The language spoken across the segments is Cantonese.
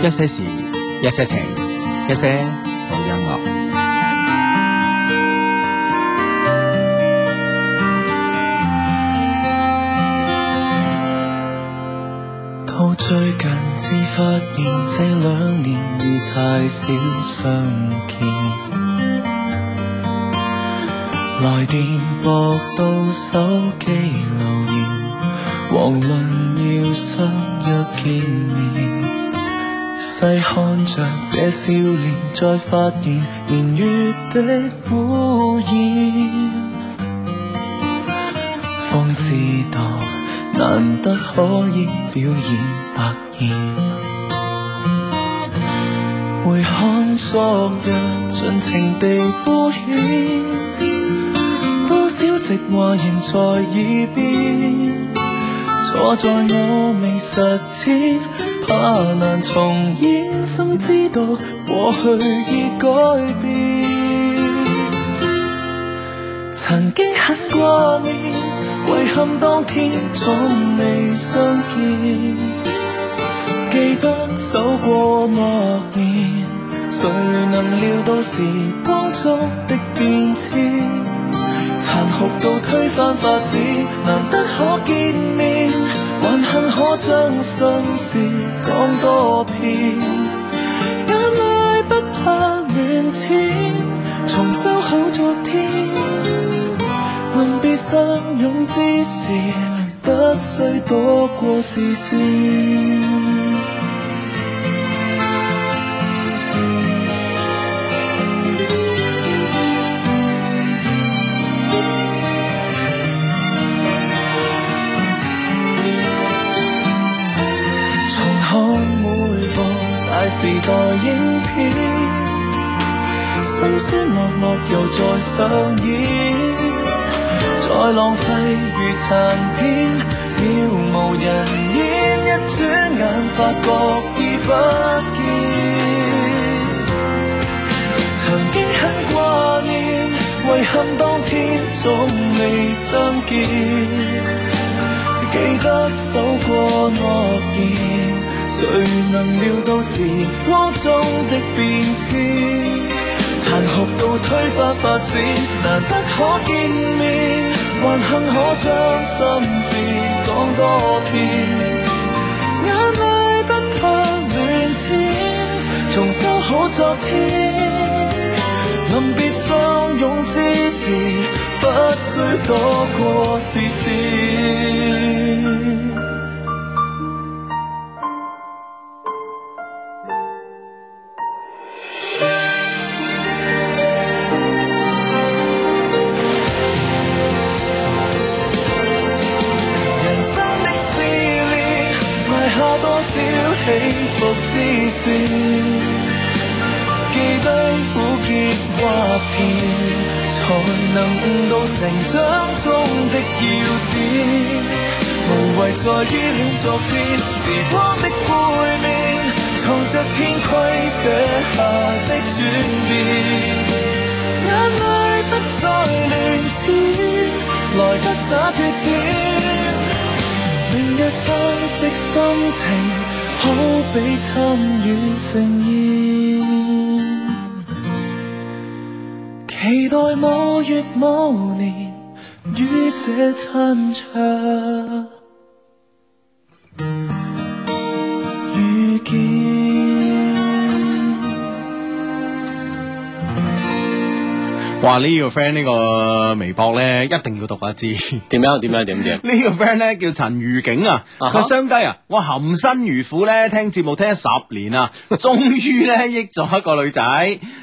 一些事，一些情，一些好音樂。到最近先發現，這兩年已太少相見。 來電駁到手機留言，遑論要相約見面。細看着這少年，再發現年月的污染，方知道難得可以表演白臉。回看昨日，盡情地敷衍，多少直話仍在耳邊，錯在我未實踐。怕、啊、難重演，心知道過去已改變。曾經很掛念，遺憾當天從未相見。記得守過諾言，誰能料到時光中的變遷？殘酷到推翻法子，難得可見面。還幸可將心事講多遍，眼淚不怕亂濺，重修好昨天。臨別相擁之時，不需躲過視線。時代影片，心酸落幕又再上演，再浪費如殘片，渺無人煙，一轉眼發覺已不見。曾經很掛念，遺憾當天總未相見，記得守過諾言，誰能料到時光中的變遷，殘酷到推翻發展，難得可見面，還幸可將心事講多遍，眼淚不怕亂濺，重修好昨天。臨別相擁之時，不需躲過視線。記低苦澀畫面，才能悟到成長中的要點。無謂再依戀昨天，時光的背面藏着天規寫下的轉變，眼淚不再亂閃，來得灑脱點。明日新的心情。好比參與盛宴，期待某月某年於這餐場。話呢個 friend 呢個微博呢一定要讀一次，點 樣點樣點點？樣 個呢個 friend 呢叫陳如景啊，佢雙低啊，我含辛茹苦呢聽節目聽咗十年啊，終於呢益咗一個女仔，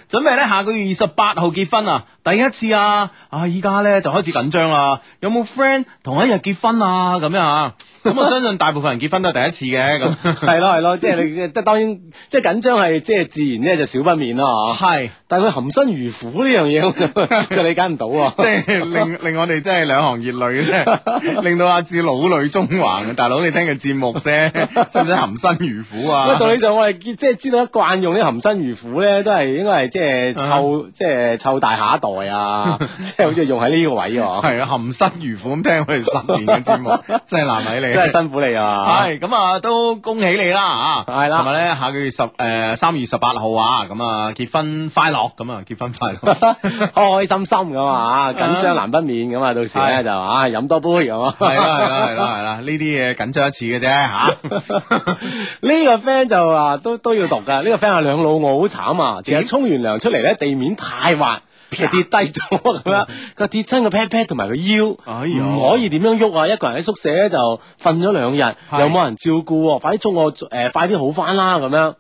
準備呢下個月二十八號結婚啊，第一次啊，啊，依家呢就開始緊張啦，有冇 friend 同一日結婚啊？咁樣啊？咁我相信大部分人結婚都係第一次嘅。咁，係咯係咯，即係你，即係當然，即係緊張係，即係自然咧就少不免咯嚇。係，但係佢含辛茹苦呢樣嘢，就理解唔到，即係令令我哋真係兩行熱淚，即係令到阿志老淚縱橫。大佬你聽嘅節目啫，使唔使含辛茹苦啊？咁道理上我係即係知道一慣用啲含辛茹苦咧，都係應該係即係湊即係湊大下一代啊，即係好似用喺呢個位喎。係啊，含辛茹苦咁聽佢十年嘅節目，真係難為你。真係辛苦你啊！係咁啊，都恭喜你啦！係啦，係咪咧？下個月十誒、呃、三月十八號啊，咁結婚快樂，咁結婚快樂，開 開心心咁啊！緊張難不免咁啊，到時咧、嗯、就啊飲多杯咁 啊！係啦係啦係啦係啦，呢啲嘢緊張一次嘅啫吓。呢個 friend 就話都都要讀噶，呢、這個 friend 啊兩老，老我好慘啊，成日沖完涼出嚟咧，地面太滑。 跌低咗咁樣，個跌親個 pat pat 同埋個腰，唔、哎、呀可以點樣喐啊！一個人喺宿舍就瞓咗兩日，是又冇人照顧、啊快呃，快啲衝我誒，快啲好翻啦咁樣。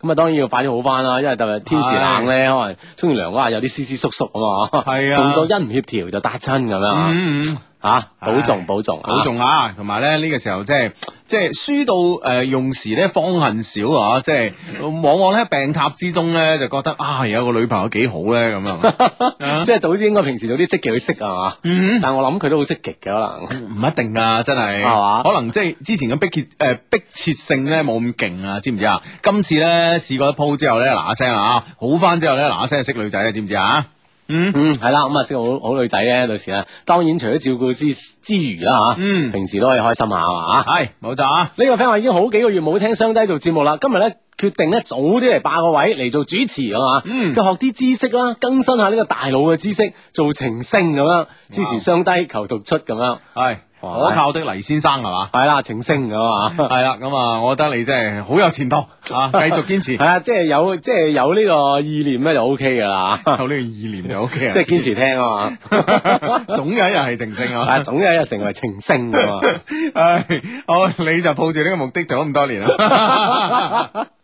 咁啊，當然要快啲好翻啦，因為特別天時冷咧，哎、呀可能沖完涼嗰下有啲絲絲縮縮啊嘛，動作一唔協調就跌親咁樣。嗯嗯吓，保重保重，保重，同埋咧呢個時候即係即係輸到誒用時咧方恨少啊！即係往往咧病榻之中咧就覺得啊有個女朋友幾好咧咁樣！即係早知應該平時做啲積極去識啊嘛！嗯，但係我諗佢都好積極嘅，可能唔一定啊！真係係嘛，可能即係之前咁逼切誒迫切性咧冇咁勁啊！知唔知啊？今次咧試過一鋪之後咧嗱一聲啊好翻之後咧嗱一聲識女仔啊！知唔知啊？嗯、mm hmm. 嗯，係啦，咁、嗯、啊，識好好女仔咧，到時咧，當然除咗照顧之之餘啦吓，嗯、mm，hmm. 平時都可以開心下嘛，吓，係冇錯啊。呢個朋友已經好幾個月冇聽雙低做節目啦，今日咧決定咧早啲嚟霸個位嚟做主持啊嘛，嗯、mm，hmm. 去學啲知識啦，更新下呢個大腦嘅知識，做情聲咁樣，支持雙低求讀出咁樣，係、mm。Hmm. 可靠的黎先生係嘛？係啦，情聖咁啊，係啦，咁啊，我覺得你真係好有前途啊！繼續堅持，係啊， 即係有，即係有呢個意念咧就 O K 噶啦，有呢個意念就 O、OK、K，、OK、 即係堅持聽啊嘛， 總有一日係情聖啊，總有一日成為情聖嘛！唉， 好，你就抱住呢個目的做咗咁多年啊。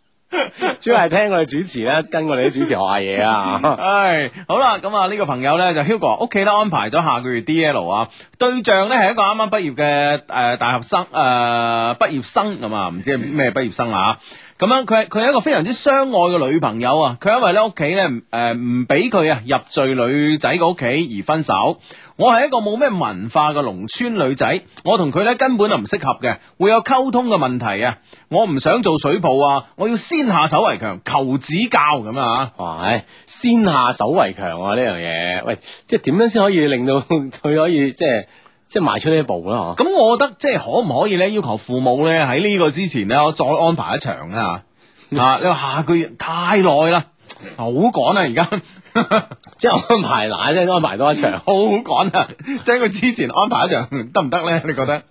主要係聽我哋主持咧，跟我哋啲主持學下嘢啊！唉， 好啦，咁啊，呢個朋友呢，就係、Hugo，屋企咧安排咗下個月 D L，啊。對象呢，係一個啱啱畢業嘅誒、呃、大學生誒，畢、呃、業生咁啊，唔知咩畢業生啊。咁樣佢係佢係一個非常之相愛嘅女朋友啊，佢因為呢屋企咧誒唔俾佢啊入贅女仔嘅屋企而分手。我係一個冇咩文化嘅農村女仔，我同佢呢根本就唔適合嘅，會有溝通嘅問題啊！我唔想做水泡啊，我要先下手為強，求指教咁啊哇，先下手為強啊呢樣嘢，喂，即係點樣先可以令到佢可以即係即係邁出呢一步啦，啊？咁我覺得即係可唔可以呢要求父母呢？喺呢個之前呢，我再安排一場啊？ 啊你話下個月太耐啦。好趕啊！而 家即係安排，奶咧都安排多一場，好趕啊！即係佢之前安排一場得唔得咧？你覺得？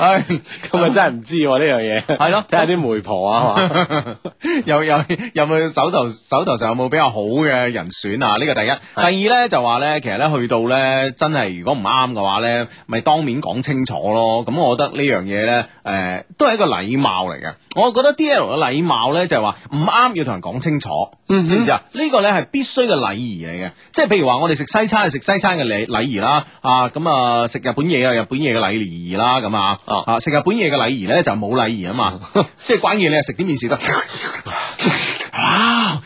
唉，咁啊真係唔知呢樣嘢，係咯，睇下啲媒婆啊，係嘛？有冇手頭手頭上有冇比較好嘅人選啊？呢個第一，第二咧就話咧，其實咧去到咧真係如果唔啱嘅話咧，咪當面講清楚咯。咁我覺得呢樣嘢咧，誒，都係一個禮貌嚟嘅。我覺得 D L 嘅禮貌咧就係話唔啱要同人講清楚，嗯，呢個咧係必須嘅禮儀嚟嘅。即係譬如話我哋食西餐係食西餐嘅禮禮儀啦，啊咁啊食日本嘢啊日本嘢嘅禮儀啦。咁啊啊，食日本嘢嘅禮儀咧就冇禮儀啊嘛，即係關鍵你係食啲麵食得，哇，是是哎，啊！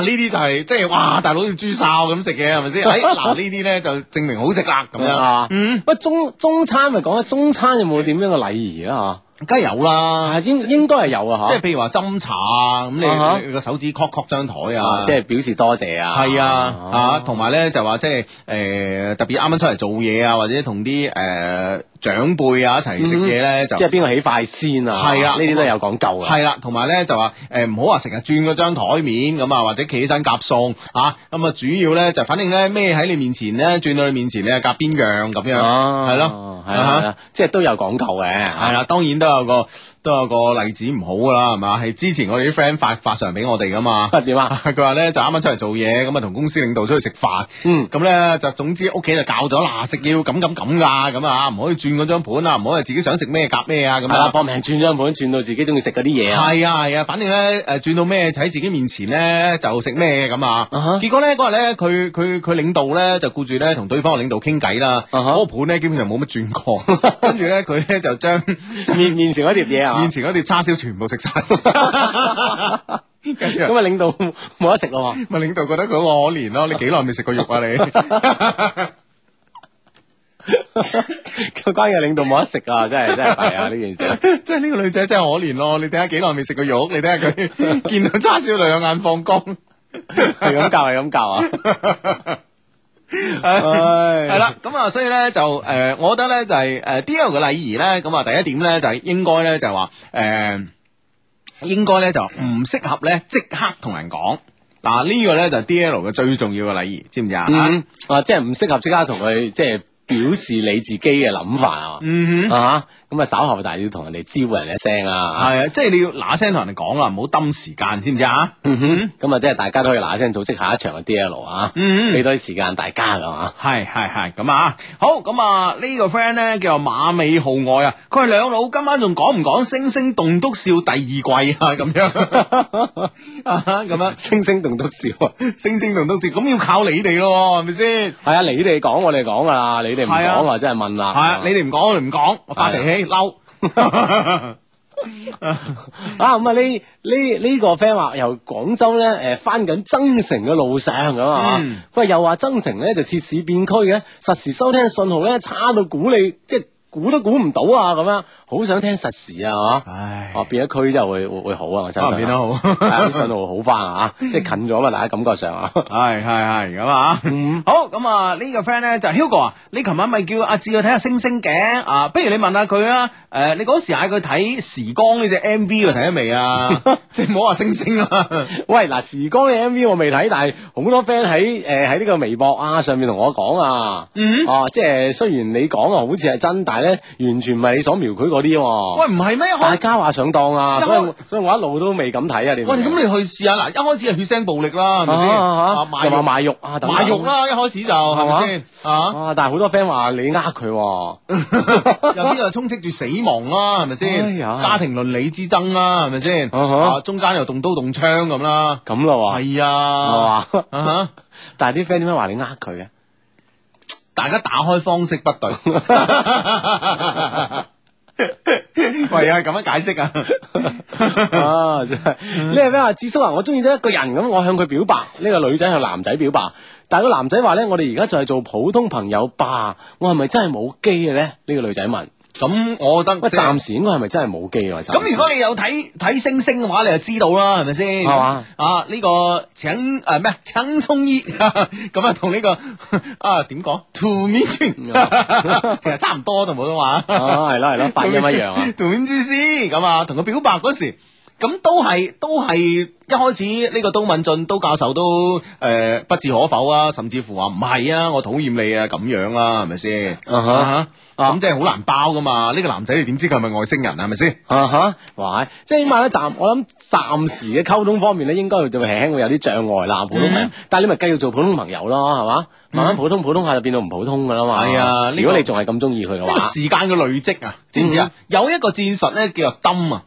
呢啲就係即係哇！大佬似豬哨咁食嘢係咪先？嗱，呢啲咧就證明好食啦咁樣啊！ 嗯，不中中餐咪講啦，中餐有冇點樣嘅禮儀啦嚇？梗係有啦，嗯、應應該係有啊，吓、uh，huh。即係譬如話斟茶啊，咁你個手指磕磕張台啊，即係表示多謝啊，係啊，吓、uh，同埋咧就話、就是，即係誒，特別啱啱出嚟做嘢啊，或者同啲誒。呃長輩啊，一齊食嘢咧就即係邊個起筷先啊，係啦，呢啲都有講究嘅係啦，同埋咧就話誒，唔好話成日轉嗰張台面咁啊，或者企起身夾餸吓咁啊，主要咧就反正咧咩喺你面前咧，轉到你面前你係夾邊樣咁樣係咯，係啊，即係都有講究嘅係啦，當然都有個。都有個例子唔好噶啦，係嘛？係之前我哋啲 friend 發發上嚟俾我哋噶嘛？點啊？佢話咧就啱啱出嚟做嘢，咁啊同公司領導出去食飯。咁咧、嗯、就總之屋企就教咗啦，食嘢要咁咁咁噶，咁啊唔可以轉嗰張盤啊，唔可以自己想食咩夾咩啊，咁係搏命轉張盤，轉到自己中意食嗰啲嘢。係 啊係啊，反正咧誒轉到咩喺自己面前咧就食咩咁啊。啊哈結果咧嗰日咧佢佢佢領導咧就顧住咧同對方嘅領導傾偈啦，啊、哈個盤咧基本上冇乜轉過， 跟住咧佢咧就將 面 面前嗰碟嘢啊。面前嗰碟叉燒全部食晒，咁啊領導冇得食咯，咪領導覺得佢好可憐咯，你幾耐未食過肉啊你？ 關嘅領導冇得食啊，真係真係係啊呢件事，即係呢個女仔真係可憐咯，你睇下幾耐未食過肉，你睇下佢見到叉燒就有眼放光，係咁教係咁教啊。 係係啦，咁啊、 哎，所以咧就誒，我覺得咧就係誒，D L 嘅禮儀咧，咁、呃、啊，嗯、第一點咧就係應該咧就係話誒，應該咧就唔適合咧即刻同人講，嗱、啊、呢、呢個咧就係 D L 嘅最重要嘅禮儀，知唔知、嗯、啊？嗯、就是，啊，即係唔適合即刻同佢即係表示你自己嘅諗法、嗯嗯嗯、啊？嗯哼啊！咁啊，稍後但要同人哋招呼人哋一聲啊，啊，係啊，即係你要嗱一聲同人哋講啊，唔好耽誤時間，知唔知啊？咁啊、嗯，即係大家都可以嗱一聲組織下一場嘅 D L 啊，嗯俾哼多啲時間大家噶嘛？係係係，咁啊好，咁啊呢個 friend 咧叫做馬尾號外啊，佢係兩老今晚仲講唔講《星星棟篤笑》第二季啊？咁樣咁、啊 啊、樣、啊星星《星星棟篤笑》《星星棟篤笑》，咁要靠你哋咯，係咪先？係啊，你哋講我哋講噶啦，你哋唔講啊，真係問啦。係啊，你哋唔講我哋唔講，我發脾氣。的的嬲 ico 啊！咁啊，這個、呢呢呢個 friend 話由廣州咧，誒，翻緊增城嘅路上咁啊，佢又話增城咧就設市變區嘅，實時收聽信號咧差到估你即係估都估唔到啊！咁樣。好想聽實時啊，嗬唉！哦、啊，變咗區就會會會好啊，我相信、啊、變得好，信 號好翻啊， 即係近咗嘛，大家感覺上啊，係係係咁啊， 好咁啊呢個 friend 咧就 Hugo 啊，這個就是、go，你琴晚咪叫阿志去睇下星星嘅啊，不如你問下佢啊，誒、啊，你嗰時嗌佢睇時光呢隻 M V 嘅睇咗未啊？ 即係好話星星啊！ 喂，嗱、啊，時光嘅 M V 我未睇，但係好多 friend 喺誒喺呢個微博啊上面同我講啊，嗯、啊啊，即係雖然你講啊，好似係真，但係咧完全唔係你所描繪啲喂唔係咩？大家話上當啊，所以所以我一路都未敢睇啊。你喂咁你去試下嗱，一開始係血腥暴力啦，係咪先？又話賣肉啊，賣肉啦，一開始就係咪先？啊，但係好多 friend 話你呃佢，又呢度充斥住死亡啦，係咪先？家庭倫理之爭啦，係咪先？中間又動刀動槍咁啦，咁咯，係啊，啊但係啲 friend 點解話你呃佢啊？大家打開方式不對。喂 啊，咁樣解釋啊，真係。你係咩話？智叔啊，我中意咗一個人咁，我向佢表白。呢、這個女仔向男仔表白，但係個男仔話咧，我哋而家就係做普通朋友吧。我係咪真係冇機嘅咧？呢、這個女仔問。咁、嗯，我覺得，暫時應該係咪真係冇機啦？咁如果你有睇睇星星嘅話，你就知道啦，係咪先？係嘛、啊啊這個？啊，呢、這個請誒咩？請宋軼，咁啊同呢個啊點講？To meet，ing 其實差唔多，同普通話。哦、啊，係咯係咯，發音一樣啊！To meet C，咁啊同佢表白嗰時，咁都係都係一開始呢個都敏俊都教授都誒、呃、不置可否啊，甚至乎話唔係啊，我討厭你啊，咁樣啊，係咪先？啊哈！啊咁即係好難包噶嘛！呢個男仔你點知佢係咪外星人啊？係咪先？啊哈，話即係起碼咧暫，我諗暫時嘅溝通方面咧，應該會輕輕會有啲障礙啦，普通名。但係你咪繼續做普通朋友咯，係嘛？慢慢普通普通下就變到唔普通噶啦嘛。係啊，如果你仲係咁中意佢嘅話，時間嘅累積啊，知唔知？啊？有一個戰術咧叫做抌啊，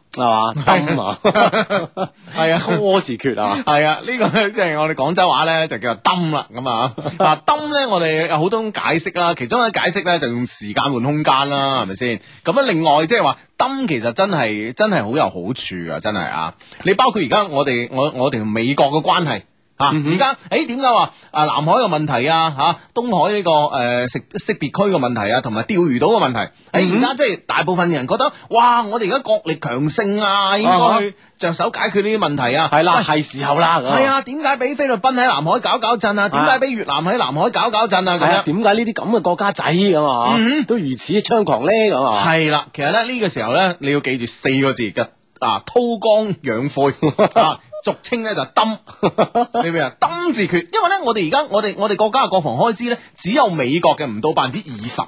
係嘛？抌係啊，拖字訣啊，係啊，呢個咧即係我哋廣州話咧就叫做抌啦咁啊。嗱，抌咧我哋有好多解釋啦，其中一個解釋咧就用時間。換空間啦，係咪先？咁啊，另外即係話，燈其實真係真係好有好處啊，真係啊！你包括而家我哋我我哋美國嘅關係。啊！而家，誒、欸，點解話啊？南海嘅問題啊，吓、啊，東海呢、這個誒、呃，識識別區嘅問題啊，同埋釣魚島嘅問題，誒、嗯，而家即係大部分人覺得，哇！我哋而家國力強盛啊，應該去着手解決呢啲問題啊。係、啊啊、啦，係時候啦。係啊，點解俾菲律賓喺南海搞搞震啊？點解俾越南喺南海搞搞震啊？咁點解呢啲咁嘅國家仔咁啊？嗯、都如此猖狂咧？咁啊，係啦。其實咧呢、這個時候咧，你要記住四個字嘅啊，韜光養晦。啊啊啊 俗稱咧就抌，是，你明啊？抌字決，因為咧我哋而家我哋我哋國家嘅國防開支咧只有美國嘅唔到百分之二十，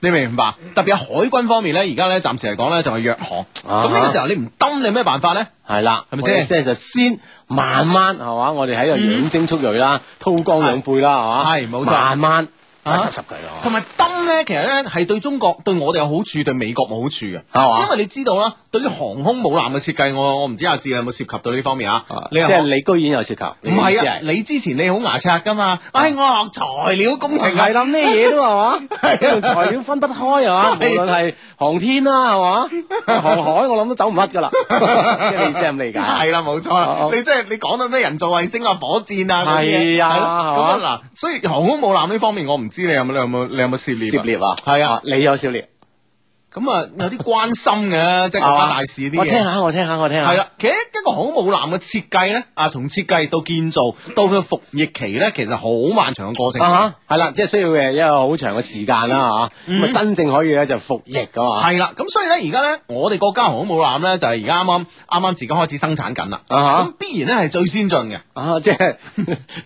你明唔明白？特別係海軍方面咧，而家咧暫時嚟講咧就係弱項。咁呢，啊、個時候你唔抌你有咩辦法咧？係啦的，係咪先？即係就先慢慢係嘛，嗯？我哋喺度養精蓄鋭啦，韜光養晦啦係嘛？係，冇錯，慢慢。真係咯，同埋登咧，其實咧係對中國對我哋有好處，對美國冇好處嘅，係嘛？因為你知道啦，對於航空母艦嘅設計，我我唔知阿志有冇涉及到呢方面啊？即係你居然有涉及，唔係啊？你之前你好牙擦噶嘛？哎，我學材料工程，係諗咩嘢都係嘛？材料分得開係嘛？無論係航天啦，係嘛？航海我諗都走唔甩噶啦，即係意思係咁嚟噶？係啦，冇錯。你即係你講到咩人造衛星啊、火箭啊，係啊，係嘛？嗱，所以航空母艦呢方面我唔知你有冇？你有冇？你有冇涉獵？涉獵啊！係啊，你有涉獵。咁啊有啲關心嘅，即係國家大事啲嘢。我聽下，我聽下，我聽下。係啦，其實一個航空母艦嘅設計咧，啊，從設計到建造到佢服役期咧，其實好漫長嘅過程。啊係啦，即係需要嘅一個好長嘅時間啦，吓。咁啊，真正可以咧就服役噶嘛。係啦，咁所以咧，而家咧，我哋國家航空母艦咧就係而家啱啱啱啱自己開始生產緊啦。咁必然咧係最先進嘅。即係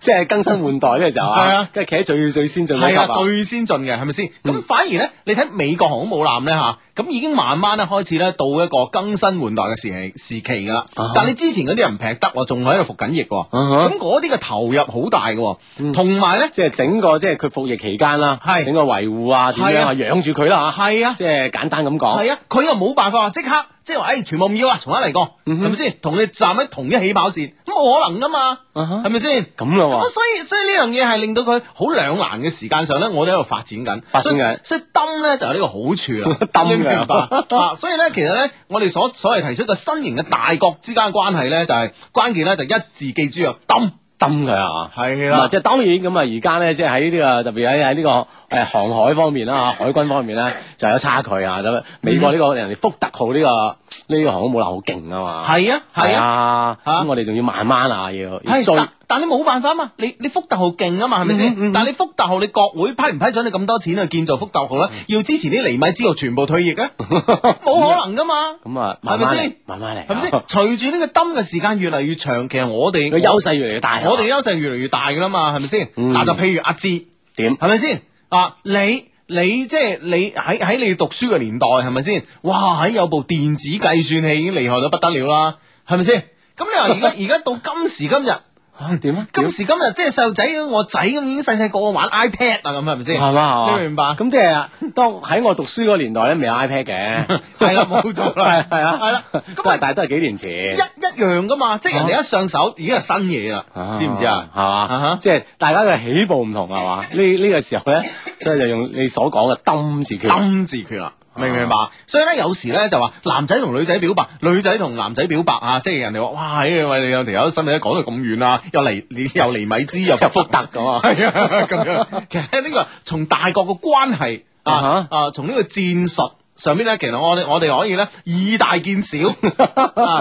即係更新換代嘅時候啊。係啊，即係企喺最最先進嘅。啊，最先進嘅係咪先？咁反而咧，你睇美國航空母艦咧吓。咁已經慢慢咧開始咧到一個更新換代嘅時期時期噶啦，uh huh. 但係你之前嗰啲人劈得，仲喺度服緊役，咁嗰啲嘅投入好大嘅，同埋咧即係整個即係佢服役期間啦，是整個維護啊，點樣啊，養住佢啦，係啊，即係簡單咁講，係啊，佢又冇辦法即刻。即係話，哎，全部唔要啊，從新嚟過，係咪先？同、hmm. 你站喺同一起跑線，咁冇可能噶嘛，係咪先？咁、huh. 咯、啊，所以所以呢樣嘢係令到佢好兩難嘅，時間上咧，我哋喺度發展緊，發展緊，所以等咧就有呢個好處啦，等嘅，所以咧，其實咧，我哋所所謂提出嘅新型嘅大國之間關係咧，就係、是、關鍵咧，就一字記住啊，等。.抌佢啊，係啦是，即係當然咁啊，而家咧即係喺呢個特別喺喺呢個誒、哎、航海方面啦，吓海軍方面咧就有差距啊，咁美國呢、這個、嗯、人哋福特號呢、這個呢、這個航空母艦好勁啊嘛，係啊係啊，咁我哋仲要慢慢啊要，要追但你冇辦法啊嘛，你你福特號勁啊嘛，係咪先？但你福特號，你國會批唔批准你咁多錢去建造福特號咧？要支持啲尼米之後全部退役嘅，冇可能噶嘛？咁啊，係咪先？慢慢嚟，係咪先？隨住呢個燈嘅時間越嚟越長，其實我哋嘅優勢越嚟越大，我哋嘅優勢越嚟越大噶啦嘛，係咪先？嗱，就譬如阿志點，係咪先？啊，你你即係你喺喺你讀書嘅年代，係咪先？哇，喺有部電子計算器已經厲害到不得了啦，係咪先？咁你話而家而家到今時今日。點啊？今時今日即係細路仔，我仔咁已經細細個玩 iPad 啊，咁係咪先？係嘛，你明白？咁即係當喺我讀書嗰個年代咧，未有 iPad 嘅，係啦，冇錯啦，係啊，係啦，咁但係都係幾年前，一一樣噶嘛，即係人哋一上手，已經係新嘢啦，知唔知啊？係嘛，即係大家嘅起步唔同係嘛？呢呢個時候咧，所以就用你所講嘅抌字訣，抌字訣啦。明唔明白，啊、所以咧有時咧就話男仔同女仔表白，女仔同男仔表白、哎、啊，即係人哋話哇，喂，你有條友身理咧講到咁遠啦， 又嚟又嚟米之又復復特咁嘛。係」係啊，咁樣，其實呢個從大國嘅關係啊啊，從呢個戰術。上邊咧，其實我我哋可以咧以大見小，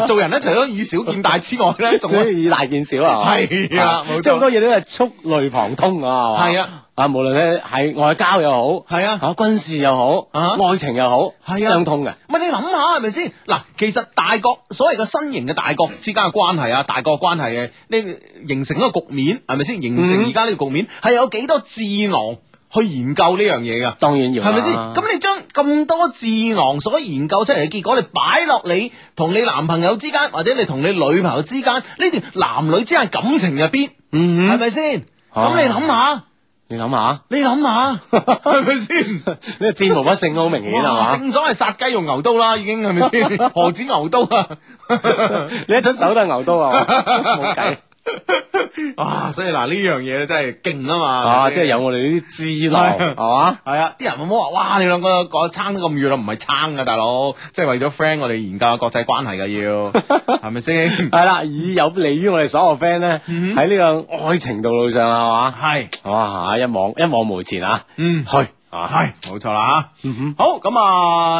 做人咧除咗以小見大之外咧，仲可以以大見小啊！係啊，即係好多嘢都係觸類旁通啊！係啊，啊無論咧係外交又好，係啊，軍事又好，愛情又好，相通嘅。乜你諗下係咪先？嗱，其實大國所謂嘅新型嘅大國之間嘅關係啊，大國關係嘅呢形成一個局面係咪先？形成而家呢個局面係有幾多智囊？去研究呢樣嘢噶，當然要，係咪先？咁 你將咁多智囊所研究出嚟嘅結果，你擺落你同你男朋友之間，或者你同你女朋友之間呢段男女之間感情入邊，嗯，係咪先？咁你諗下，你諗下，你諗下，係咪先？你戰無不勝好明顯係嘛？正所謂殺雞用牛刀啦，已經係咪先？何止 牛刀啊？ 你一出手都係牛刀啊！冇計。哇！所以嗱，呢樣嘢真係勁啊嘛，啊，即係有我哋呢啲資能，係嘛，係啊，啲人冇冇話哇，你兩個撐得咁遠咯，唔係撐噶，大佬，即係為咗 friend，我哋研究國際關係噶要，係咪先？係啦，以有利於我哋所有 friend 咧，喺呢個愛情道路上啊，係，哇，一往一往無前啊，嗯，去啊，係，冇錯啦，嗯哼，好，咁、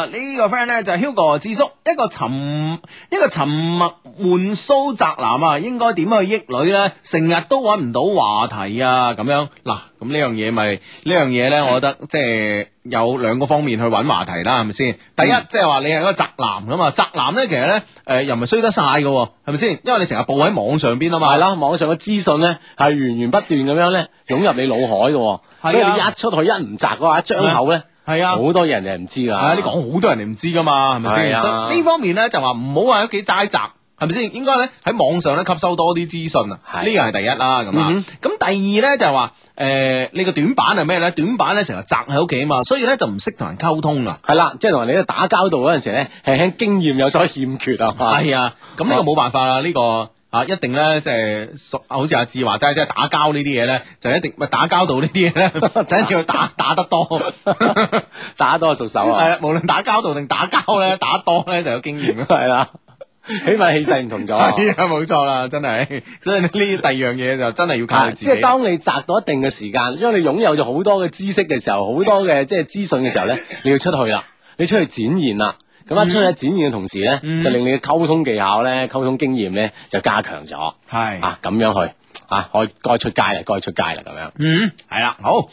這個、呢個 friend 咧就係 Hugo 智叔。一個沉一個沉默悶騷宅男啊，應該點去益女呢？成日都搵唔到話題啊，咁樣嗱，咁呢樣嘢咪呢樣嘢呢，Okay. 我覺得即係有兩個方面去搵話題啦，係咪先？第一，即係話你係一個宅男吖嘛，宅男呢其實呢，誒、呃、又唔係衰得晒噶，係咪先？因為你成日報喺網上邊啊嘛，係咯，網上嘅資訊呢係源源不斷咁樣呢，湧入你腦海噶，的所以你一出去一唔宅嘅話，一張口呢。係啊，好多人嚟唔知噶、啊，啊、你講好多人嚟唔知噶嘛，係咪先？呢、啊、方面咧就話唔好喺屋企齋宅，係咪先？應該咧喺網上咧吸收多啲資訊啊，呢個係第一啦。咁啊、嗯哼，咁第二咧就係話，誒、呃，你個短板係咩咧？短板咧成日宅喺屋企啊嘛，所以咧就唔識同人溝通啦。係啦，即係同人哋喺度打交道嗰陣時咧，輕輕經驗有所欠缺啊。係啊，咁呢個冇辦法啦，呢、這個。啊！一定咧，即係熟，好似阿志話齋，即係打交呢啲嘢咧，就一定咪打交道呢啲嘢咧，就一定要打，打得多， 打得多係熟手啊！係啊，無論打交道定打交咧， 打多咧就有經驗啦，係啦， 起碼氣勢唔同咗。係啊， 冇錯啦，真係，所以呢第二樣嘢就真係要靠自己。 即係當你宅到一定嘅時間，因為你擁有咗好多嘅知識嘅時候，好多嘅即係資訊嘅時候咧， 你要出去啦，你出去展現啦。咁樣、嗯、出去展現嘅同時咧，嗯、就令你嘅溝通技巧咧、溝通經驗咧就加強咗。係是啊，咁樣去啊，該該出街啦，該出街啦，咁樣。嗯，係啦，好。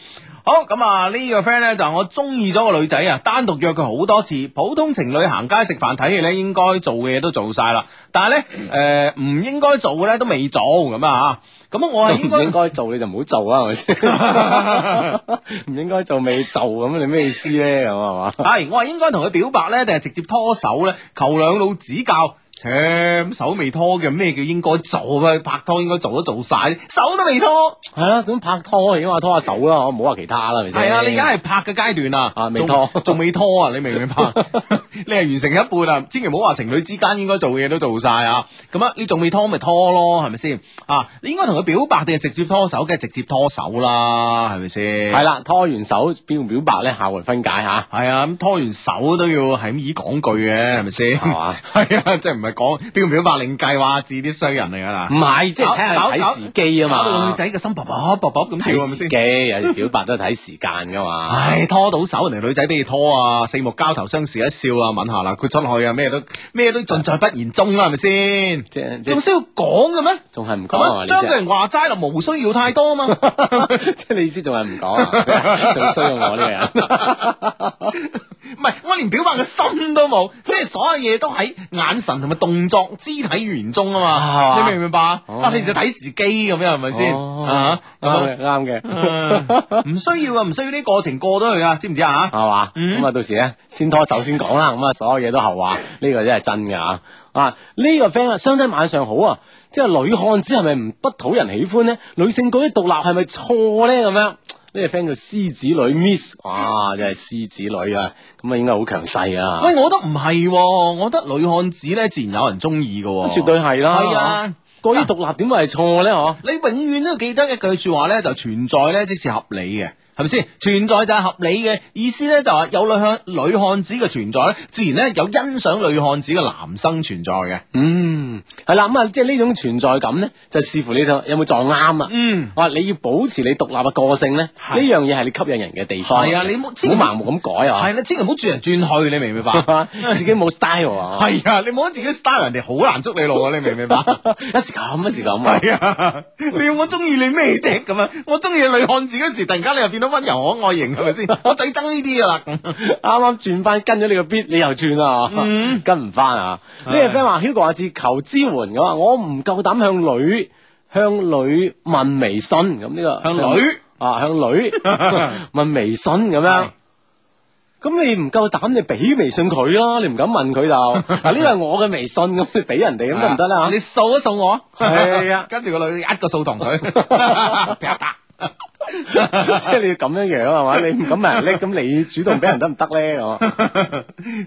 好咁啊！個呢個 friend 咧就係、我中意咗個女仔啊，單獨約佢好多次。普通情侶行街食飯睇戲咧，應該做嘅嘢都做晒啦。但係咧，誒、呃、唔應該做嘅咧都未做咁啊。咁我係應該應該做你就唔好做啊，係咪先？唔應該做未做咁你咩意思咧？咁係嘛？係 我係應該同佢表白咧，定係直接拖手咧？求兩老指教。切咁、欸、手未拖嘅咩叫應該做啊？拍拖應該做都做晒，手都未拖係啦。咁、啊、拍拖而家話拖下手啦，唔好話其他啦，係啊。你而家係拍嘅階段啊，未拖仲未拖啊？你明唔明啊？ 你係完成一半啊，千祈唔好話情侶之間應該做嘅嘢都做晒啊。咁啊，你仲未拖咪拖咯，係咪先啊？你應該同佢表白定係直接拖手？梗係直接拖手啦，係咪先？係啦、啊，拖完手表唔表白咧，下回分解吓。係啊，咁拖完手都要係咁意講句嘅，係咪先？係吧 啊，即係唔係。講表唔表白另計，話字啲衰人嚟噶啦，唔係即係睇下睇時機啊嘛，女仔嘅心勃勃勃勃咁，睇時機啊，表白都係睇時間噶嘛，唉拖到手，人哋女仔都要拖啊，四目交頭相視一笑啊，吻下啦，佢出去啊咩都咩都盡在不言中啦，係咪先？即仲需要講嘅咩？仲係唔講，將個人話齋啦，無需要太多啊嘛，即係你意思仲係唔講？仲需要我呢啊？唔係我連表白嘅心都冇，即係所有嘢都喺眼神同埋。動作肢體原中啊嘛，你明唔明白啊？啊，你就睇時機咁樣，係咪先？啊，啱嘅，唔需要啊，唔需要啲過程過咗去啊，知唔知啊？係嘛，咁啊，到時咧先拖手先講啦，咁啊，所有嘢都後話，呢個真係真嘅啊！啊，呢個 friend，啊，相睇晚上好啊，即係女漢子係咪唔不討人喜歡咧？女性嗰啲獨立係咪錯咧？咁樣？呢個 friend 叫獅子女 Miss，哇！真係獅子女啊，咁啊應該好強勢啊。喂，我覺得唔係，我覺得女漢子咧，自然有人中意噶，絕對係啦。係啊，過於獨立點會係錯咧？嗬、啊，你永遠都記得一句說話咧，就存在咧，即是合理嘅。係咪先存在就係合理嘅意思咧？就話有女漢女漢子嘅存在咧，自然咧有欣賞女漢子嘅男生存在嘅。嗯，係啦，咁啊，即係呢種存在感咧，就視乎你有冇撞啱啊。嗯，我話你要保持你獨立嘅個性咧，呢樣嘢係你吸引人嘅地方。係啊，你唔好盲目咁改啊。係啦，千祈唔好轉嚟轉去，你明唔明白？自己冇 style 啊。係啊，你唔好自己 style 人哋，好難捉你路。你明唔明白？一時咁，一時咁，係啊！你要我中意你咩啫？咁啊，我中意女漢子嗰時，突然間你又變到。溫柔 可愛型係咪先？我最憎呢啲噶啦，啱啱轉翻跟咗你個 beat 你又轉、嗯、啊，跟唔翻啊？呢個 friend 話，Hugo 阿志求支援，我話我唔夠膽向女向女問微信，咁呢、這個向女啊向女，啊向女 問微信咁的樣，咁你唔夠膽你俾微信佢啦，你唔敢問佢就，呢個 係我嘅微信咁，的你俾人哋咁得唔得咧？你掃一掃我，係啊， 跟住個女一個掃同佢，劈 下 即係 你要咁樣樣係嘛？你唔敢埋人叻，咁你主動俾人得唔得咧？哦，誒，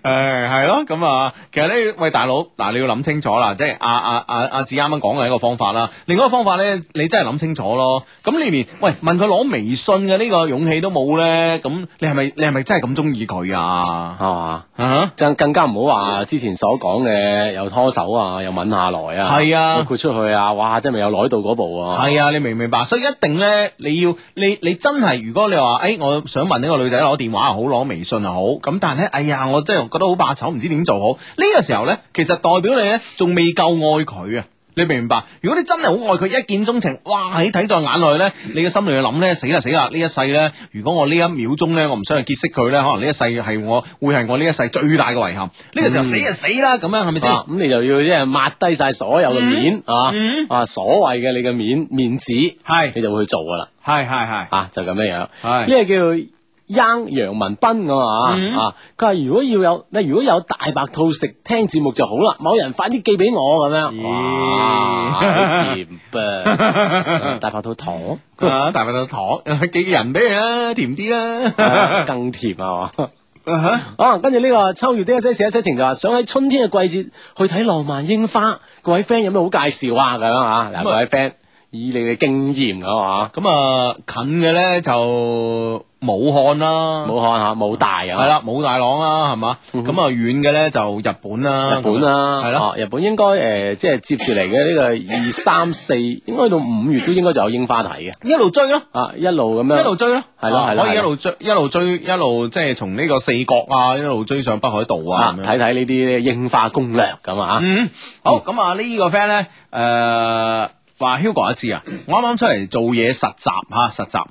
係咯，咁啊，其實咧，喂，大佬，嗱，你要諗清楚啦，即係阿阿阿阿志啱啱講嘅一個方法啦。另外一個方法咧，你真係諗清楚咯。咁你連喂，問佢攞微信嘅呢個勇氣都冇咧。咁你係咪你係咪真係咁中意佢啊？係嘛？啊？就、啊、更加唔好話之前所講嘅又拖手啊，又吻下來啊，係啊，包括出去啊，哇，真係未有攞到嗰步啊。係啊，你明唔明白？所以一定咧，你要。你你真係如果你話誒、哎，我想問呢個女仔攞電話又好，攞微信又好，咁但係咧，哎呀，我真係覺得好怕醜，唔知點做好呢，呢個時候咧，其實代表你咧仲未夠愛佢啊。你明唔明白？如果你真係好愛佢，一見鍾情，哇你睇在眼內咧，你嘅心裏去諗咧，死啦死啦！呢一世咧，如果我呢一秒鐘咧，我唔想去結識佢咧，可能呢一世係我會係我呢一世最大嘅遺憾。呢個時候，死就死啦，咁樣係咪先？咁、啊啊、你就要即係抹低晒所有嘅面、嗯、啊！嗯、啊，所謂嘅你嘅面面子，係是你就會去做噶啦，係係係啊，就咁樣樣，係呢個叫。是央楊文斌咁、mm hmm. 啊，佢話如果要有，如果有大白兔食聽節目就好啦。某人快啲寄俾我咁樣，哇甜 啊！大白兔糖，大白兔糖，寄個人俾佢甜啲啦、啊，更甜啊！嘛、 啊。好，跟住呢個秋月啲一些事一些情就話想喺春天嘅季節去睇浪漫櫻花，各位 friend 有咩好介紹啊？咁樣吓，各位 friend。 以你嘅經驗噶嘛，咁啊近嘅咧就武漢啦，武漢吓武大啊，係啦武大郎啦，係嘛，咁啊遠嘅咧就日本啦，日本啦，係咯，日本應該誒即係接住嚟嘅呢個二三四，應該到五月都應該就有櫻花睇嘅，一路追咯啊，一路咁樣，一路追咯，係咯，可以一路追，一路追，一路即係從呢個四國啊，一路追上北海道啊，睇睇呢啲櫻花攻略咁啊，嗯，好，咁啊呢個 friend 咧誒。話 hug 一次啊，我啱啱出嚟做嘢實習吓，實習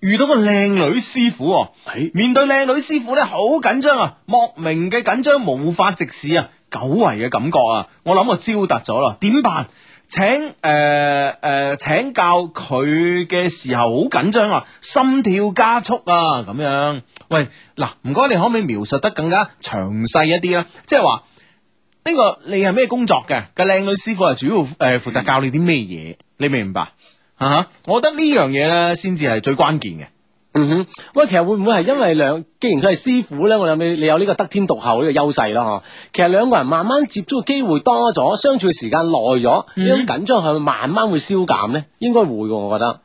遇到個靚女師傅啊，面對靚女師傅咧好緊張啊，莫名嘅緊張，無法直視啊，久違嘅感覺啊，我諗我招突咗啦，點辦？請誒誒、呃呃、請教佢嘅時候好緊張啊，心跳加速啊，咁樣。喂，嗱，唔該你可唔可以描述得更加詳細一啲啊？即係話。呢個你係咩工作嘅？個靚女師傅係主要誒、呃、負責教你啲咩嘢？你明唔明白？吓、uh，huh. 我覺得呢樣嘢咧，先至係最關鍵嘅。嗯哼，喂，其實會唔會係因為兩，既然佢係師傅咧，我諗你你有呢個得天獨厚呢個優勢啦，嗬。其實兩個人慢慢接觸嘅機會多咗，相處嘅時間耐咗，呢種緊張係咪慢慢會消減咧。應該會，我覺得。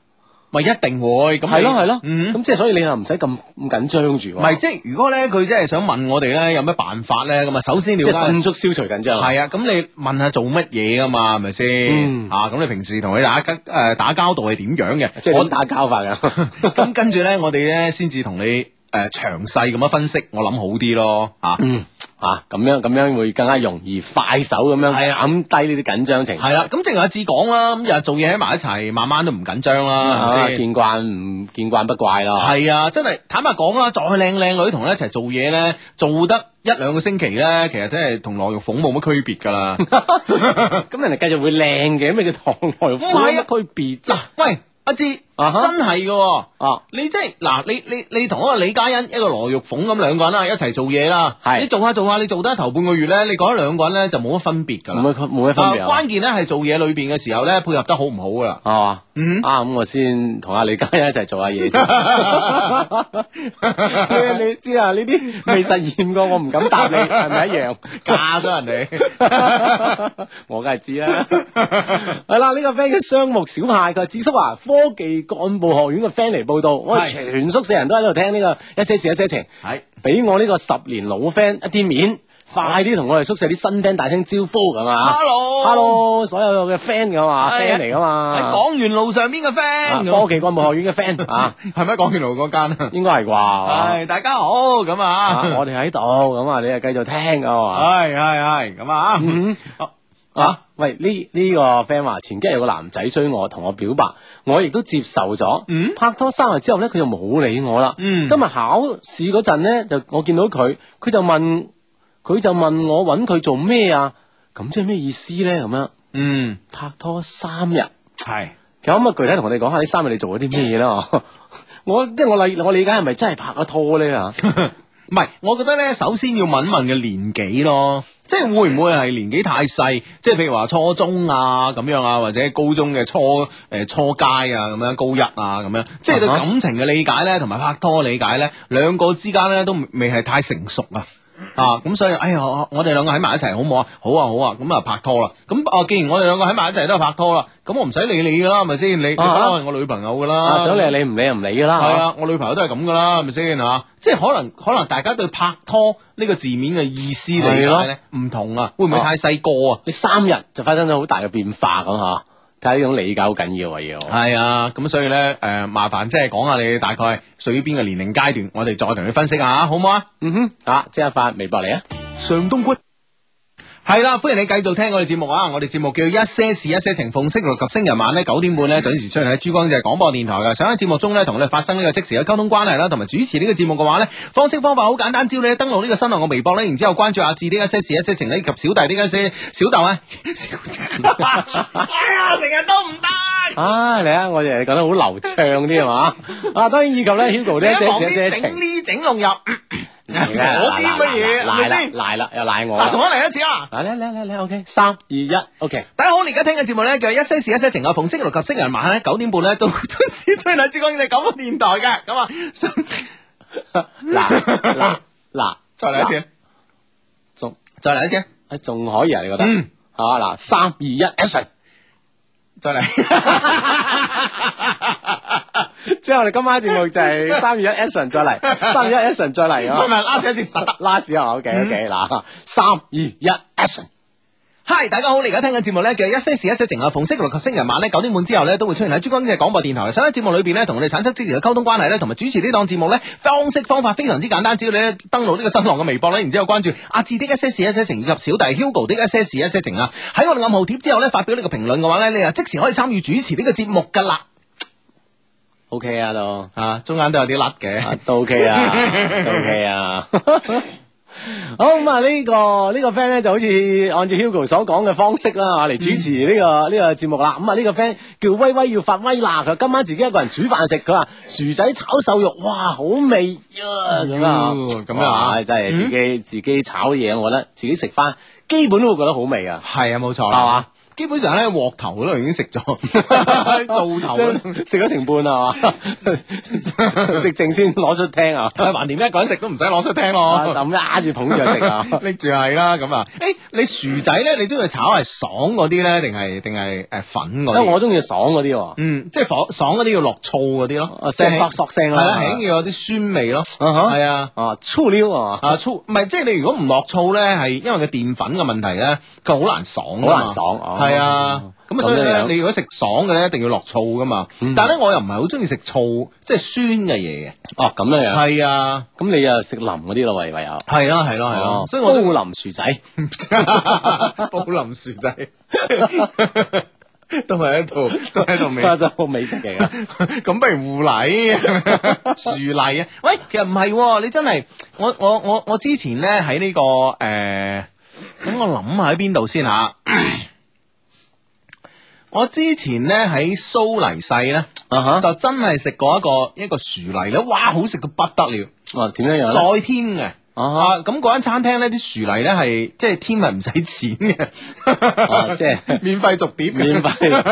咪一定會咁係咯係咯，嗯，咁即係所以你又唔使咁緊張住。咪即係如果咧，佢真係想問我哋咧有咩辦法咧，咁啊，首先你要迅速消除緊張。係啊，咁你問下做乜嘢噶嘛，係咪先？啊，咁你平時同佢打誒、打交道係點樣嘅？即係我打交法噶。咁跟住咧，我哋咧先至同你誒、詳細咁樣分析，我諗好啲咯，吓。啊，咁樣咁樣會更加容易快手咁樣，係減的低呢啲緊張情。係啦的，咁正如阿志講啦，咁日日做嘢喺埋一齊，慢慢都唔緊張啦，係咪先？見慣唔見慣不怪咯。係啊，真係坦白講啦，再去靚靚女同佢一齊做嘢咧，做得一兩個星期咧，其實真係同羅玉鳳冇乜區別噶啦。咁人哋繼續會靚嘅，咩叫唐羅玉鳳冇乜區別？嗱、啊，喂，阿志。真係㗎，你即係嗱，你你你同嗰個李嘉欣一個羅玉鳳咁兩個人啦，一齊做嘢啦，係你做下做下，你做得一頭半個月咧，你講兩個人咧就冇乜分別噶啦，冇乜冇乜分別啊！關鍵咧係做嘢裏邊嘅時候咧配合得好唔好噶啦，係嘛，嗯，啱，咁我先同阿李嘉欣一齊做下嘢先。你知啊？呢啲未實驗過，我唔敢答你，係咪一樣嫁咗人哋？我梗係知啦。係啦，呢個 friend 嘅雙目小派佢紫子叔華，科技。幹部學院嘅 friend 嚟報道，我哋全宿舍人都喺度聽呢個一些事一些情，係俾我呢個十年老 friend 一啲面，快啲同我哋宿舍啲新 friend 大聲招呼，咁啊，Hello，Hello，所有嘅 friend 噶嘛，friend 嚟噶嘛，廣園路上邊嘅 friend，科技幹部學院嘅 friend 啊，係咪廣園路嗰間啊？應該係啩？係大家好，咁啊，我哋喺度，咁啊，你啊繼續聽啊嘛。係係係，咁啊。啊！喂，呢呢個 friend 話前幾日有個男仔追我，同我表白，我亦都接受咗。嗯，拍拖三日之後咧，佢就冇理我啦。嗯，今日考試嗰陣咧，就我見到佢，佢就問，佢就問我搵佢做咩啊？咁即係咩意思咧？咁樣，嗯，拍拖三日，係是，其實具體同我哋講下呢三日你做咗啲咩嘢啦？我即係我理我理解係咪真係拍咗拖咧？啊！ 唔係，我覺得咧，首先要問一問嘅年紀咯，即係會唔會係年紀太細，即係譬如話初中啊咁樣啊，或者高中嘅初誒初階啊咁樣，高一啊咁樣，即係對感情嘅理解咧，同埋拍拖理解咧，兩個之間咧都未係太成熟啊。啊，咁所以，哎呀，我哋兩個喺埋一齊好唔好啊？好啊，好啊，咁啊拍拖啦。咁哦、啊，既然我哋兩個喺埋一齊都係拍拖啦，咁我唔使理你噶啦，係咪先？啊、你係我女朋友噶啦、啊，想理你，你理你，唔理唔理啦。係啊，啊我女朋友都係咁噶啦，係咪先啊？即係可能，可能大家對拍拖呢個字面嘅意思理解咧唔、啊、同啊？會唔會太細個啊，啊啊，啊？你三日就發生咗好大嘅變化咁吓？睇呢種理解好緊要喎，要係啊，咁所以咧，誒、呃，麻煩即係講下你大概屬於邊個年齡階段，我哋再同你分析下，好唔好啊？嗯哼，吓、啊，即刻發微博嚟啊！上冬菇。係啦，歡迎你繼續聽我哋節目啊！我哋節目叫一些事一些情，逢星期六及星期晚呢，九點半呢準時出現喺珠江台廣播電台嘅。想喺節目中呢，同你發生呢個即時嘅溝通關係啦，同埋主持呢個節目嘅話呢，方式方法好簡單，只要你登錄呢個新浪嘅微博呢，然之後關注阿志啲一些事一些情呢，及小弟啲一些小豆，小豆呢，小 哎、呀，成日都唔得。啊，嚟啊！我哋覺得好流暢啲係嘛？ 啊，當然以及呢 Hugo 啲一,一,一些事呢整落入。我啲乜嘢？賴先賴啦，又賴我。嗱，我嚟一次啊！啦！嚟嚟嚟嚟，OK，三二一，OK。大家好，我哋而家聽嘅節目咧叫《一些事一些情》，逢星期六及星期日晚咧九點半咧都準時推嚟珠江台九個電台嘅咁啊。嗱嗱嗱， 再嚟一次，仲、啊、再嚟一次，誒、啊，仲、啊、可以啊？你覺得？嗯，係嘛嗱，三二一，Action， 再嚟來。 之後我哋今晚節目就係三二一 Action 再嚟，三二一 Action 再嚟啊！唔係拉屎一次，實得拉屎啊！O K O K 嗱，三二一 Action，Hi 大家好，你而家聽緊節目咧叫一些事一些情啊！逢星期六及星期日晚咧九點半之後咧都會出現喺珠江嘅廣播電台嘅。喺一節目裏邊咧同我哋產生積極嘅溝通關係咧，同埋主持檔節呢檔節目咧方式方法非常之簡單，只要你呢登錄呢個新浪嘅微博咧，然之後關注阿志的一些事一些情以及小弟 Hugo 的一些事一些情啊，喺我哋暗號貼之後咧發表個評論呢個評論嘅話咧，你啊即時可以參與主持呢個節目噶啦。O K 啊，都嚇中間都有啲甩嘅，都 O K 啊，都 O K 啊。好，咁啊，呢個呢個 friend 咧就好似按照 Hugo 所講嘅方式啦，嚟主持呢個呢個節目啦。咁啊，呢個 friend 叫威威，要發威啦，佢今晚自己一個人煮飯食，佢話薯仔炒瘦肉，哇，好味啊！咁啊，咁啊，真係自己自己炒嘢，我覺得自己食翻，基本都會覺得好味啊。係啊，冇錯。基本上呢鑊頭都已經食咗，灶頭食咗成半啊，食剩先攞出廳啊？橫掂一個人食都唔使攞出廳咯，就咁揸住捧住食啊？拎住係啦，咁啊？誒，你薯仔咧，你中意炒係爽嗰啲咧，定係定係誒粉嗰啲？因我中意爽嗰啲，嗯，即係爽爽嗰啲要落醋嗰啲咯，嗦索聲啦，係啦，要有啲酸味咯，係啊，啊醋溜啊醋，唔係即係你如果唔落醋咧，係因為佢澱粉嘅問題咧，佢好難爽好難爽。係啊，咁所以咧，你如果食爽嘅咧，一定要落醋噶嘛。但係咧，我又唔係好中意食醋，即係酸嘅嘢嘅。哦，咁樣樣係啊，咁你又食淋嗰啲咯，喂，唯有。係啦、啊，係啦、啊，係啦、啊，所以我都會淋薯仔， 煲淋薯仔 都，就是、 都係喺度，都係喺度美，都好美食嘅。咁不如芋泥、薯泥啊？喂，其實唔係、啊，你真係，我我我我之前咧喺呢、這個誒，咁、呃、我諗下喺邊度先吓、啊。 我之前咧喺蘇黎世咧，uh huh. 就真係食過一個一個薯泥咧，哇，好食到不得了！哇，點樣樣？再添嘅，啊，咁嗰間餐廳咧，啲薯泥咧係即係添，係唔使錢嘅，即係免費續碟，免費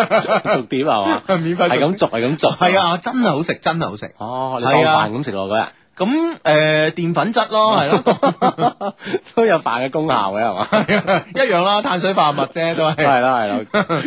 續碟係嘛，免費，係咁續，係咁續，係啊，真係好食，真係好食，哦，你當飯咁食落嗰日。咁誒、呃、澱粉質咯，係咯、啊， 都有飯嘅功效嘅係嘛， 一樣啦，碳水化合物啫都係， 係啦係啦，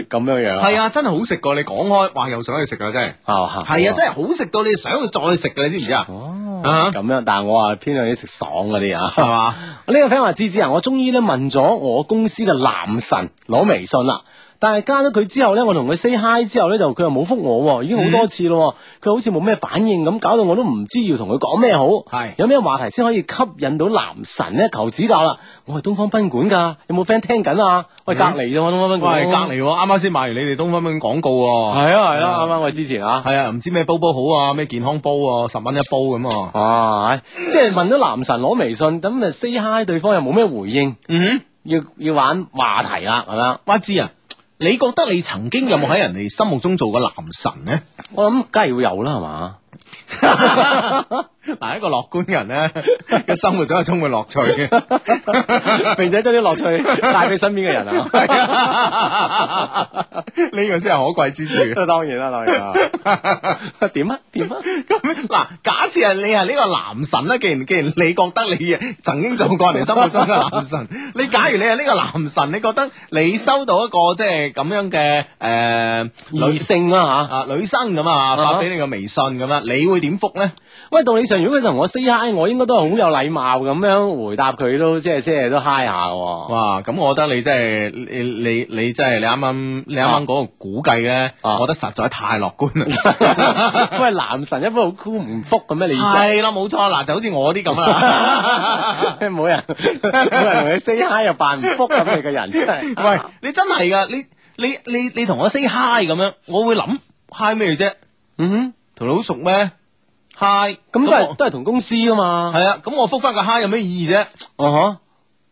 咁樣樣係啊，真係好食，過你講開，哇又想去食啊真係，係啊，真係好食到你想去再食嘅，你知唔知啊？咁、啊啊、樣，但係我啊偏向啲食爽嗰啲啊，係嘛？ 呢、啊啊、個聽話芝芝啊，我終於咧問咗我公司嘅男神攞微信啦。但係加咗佢之後咧，我同佢 say hi 之後咧，就佢又冇覆我，已經好多次咯。佢、嗯、好似冇咩反應咁，搞到我都唔知要同佢講咩好。係是 有咩話題先可以吸引到男神咧？求指教啦！我係東方賓館噶，有冇 friend 聽緊啊？喂，嗯、隔籬咋？東方賓館係隔籬，啱啱先賣完你哋東方賓館廣告。係啊係啊，啱啱我哋之前啊。係啊，唔知咩煲煲好啊，咩健康煲啊，十蚊一煲咁啊，啊 即係問咗男神攞微信，咁咪 say hi 對方又冇咩回應。嗯哼，要要玩話題啦，係咪啊？我知啊！啊啊你覺得你曾經有冇喺人哋心目中做過男神咧？我諗梗係會有啦，係嘛。嗱， 一個樂觀人咧嘅生活總係充滿樂趣嘅，並且將啲樂趣帶俾身邊嘅人啊！呢個先係可貴之處、 啊。當然啦，當然。點啊？點 啊？咁嗱、啊， 假設係你係呢個男神咧，既然既然你覺得你曾經做過人哋生活中嘅男神，你假如你係呢個男神，你覺得你收到一個即係咁樣嘅誒、呃、女性啊吓啊女生咁啊發俾你個微信咁、啊、樣。你會點覆咧？喂，道理上如果佢同我 say hi，我應該都係好有禮貌咁樣回答佢都、啊，即係即係都 hi 下。哇！咁、嗯、我覺得你真係，你你你真係，你啱啱你啱啱嗰個估計咧，啊、我覺得實在太樂觀啦。喂，男神一般好 cool 唔覆咁咩？ 你意係啦，冇錯，嗱就好似我啲咁啊，冇人冇人同你 say hi 又扮唔覆咁嘅人，真係。 喂，你真係噶，你你你你同我 say hi 咁樣，我會諗 hi 咩啫？嗯哼。嗯同你好熟咩？嗨，咁都係都係同公司噶嘛。係啊，咁我覆翻個嗨有咩意義啫？哦吓、uh。Huh.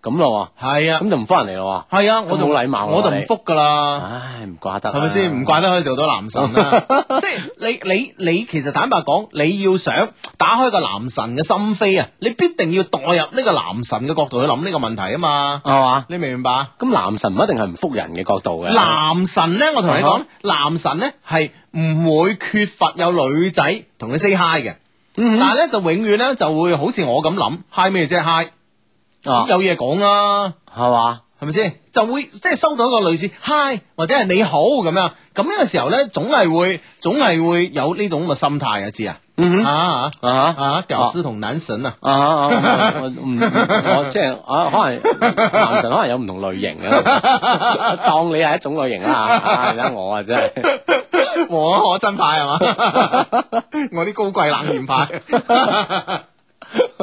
咁咯，係是啊，咁就唔覆人嚟咯，係啊，我就冇禮貌，啊，我就唔覆噶啦，唉，唔怪得，係咪先？唔怪得可以做到男神， 啊。即係你你你，其實坦白講，你要想打開個男神嘅心扉啊，你必定要代入呢個男神嘅角度去諗呢個問題啊嘛，係嘛，哦啊，你明唔明白？咁男神唔一定係唔覆人嘅角度嘅，啊，男神咧，我同你講，嗯、哼男神咧係唔會缺乏有女仔同佢 say hi 嘅，嗯、哼但係咧就永遠咧就會好似我咁諗，hi 咩啫 hi。嗨有嘢講啦，係嘛，係咪先？就會即係收到一個類似嗨或者係你好咁樣，咁呢個時候咧，總係會總係會有呢種嘅心態啊！知啊？啊啊啊！屌絲同男神啊？啊！我唔，我即係啊，可能男神可能有唔同類型啊，當你係一種類型啦，我啊真係我我真派係嘛，我啲高貴冷艷派。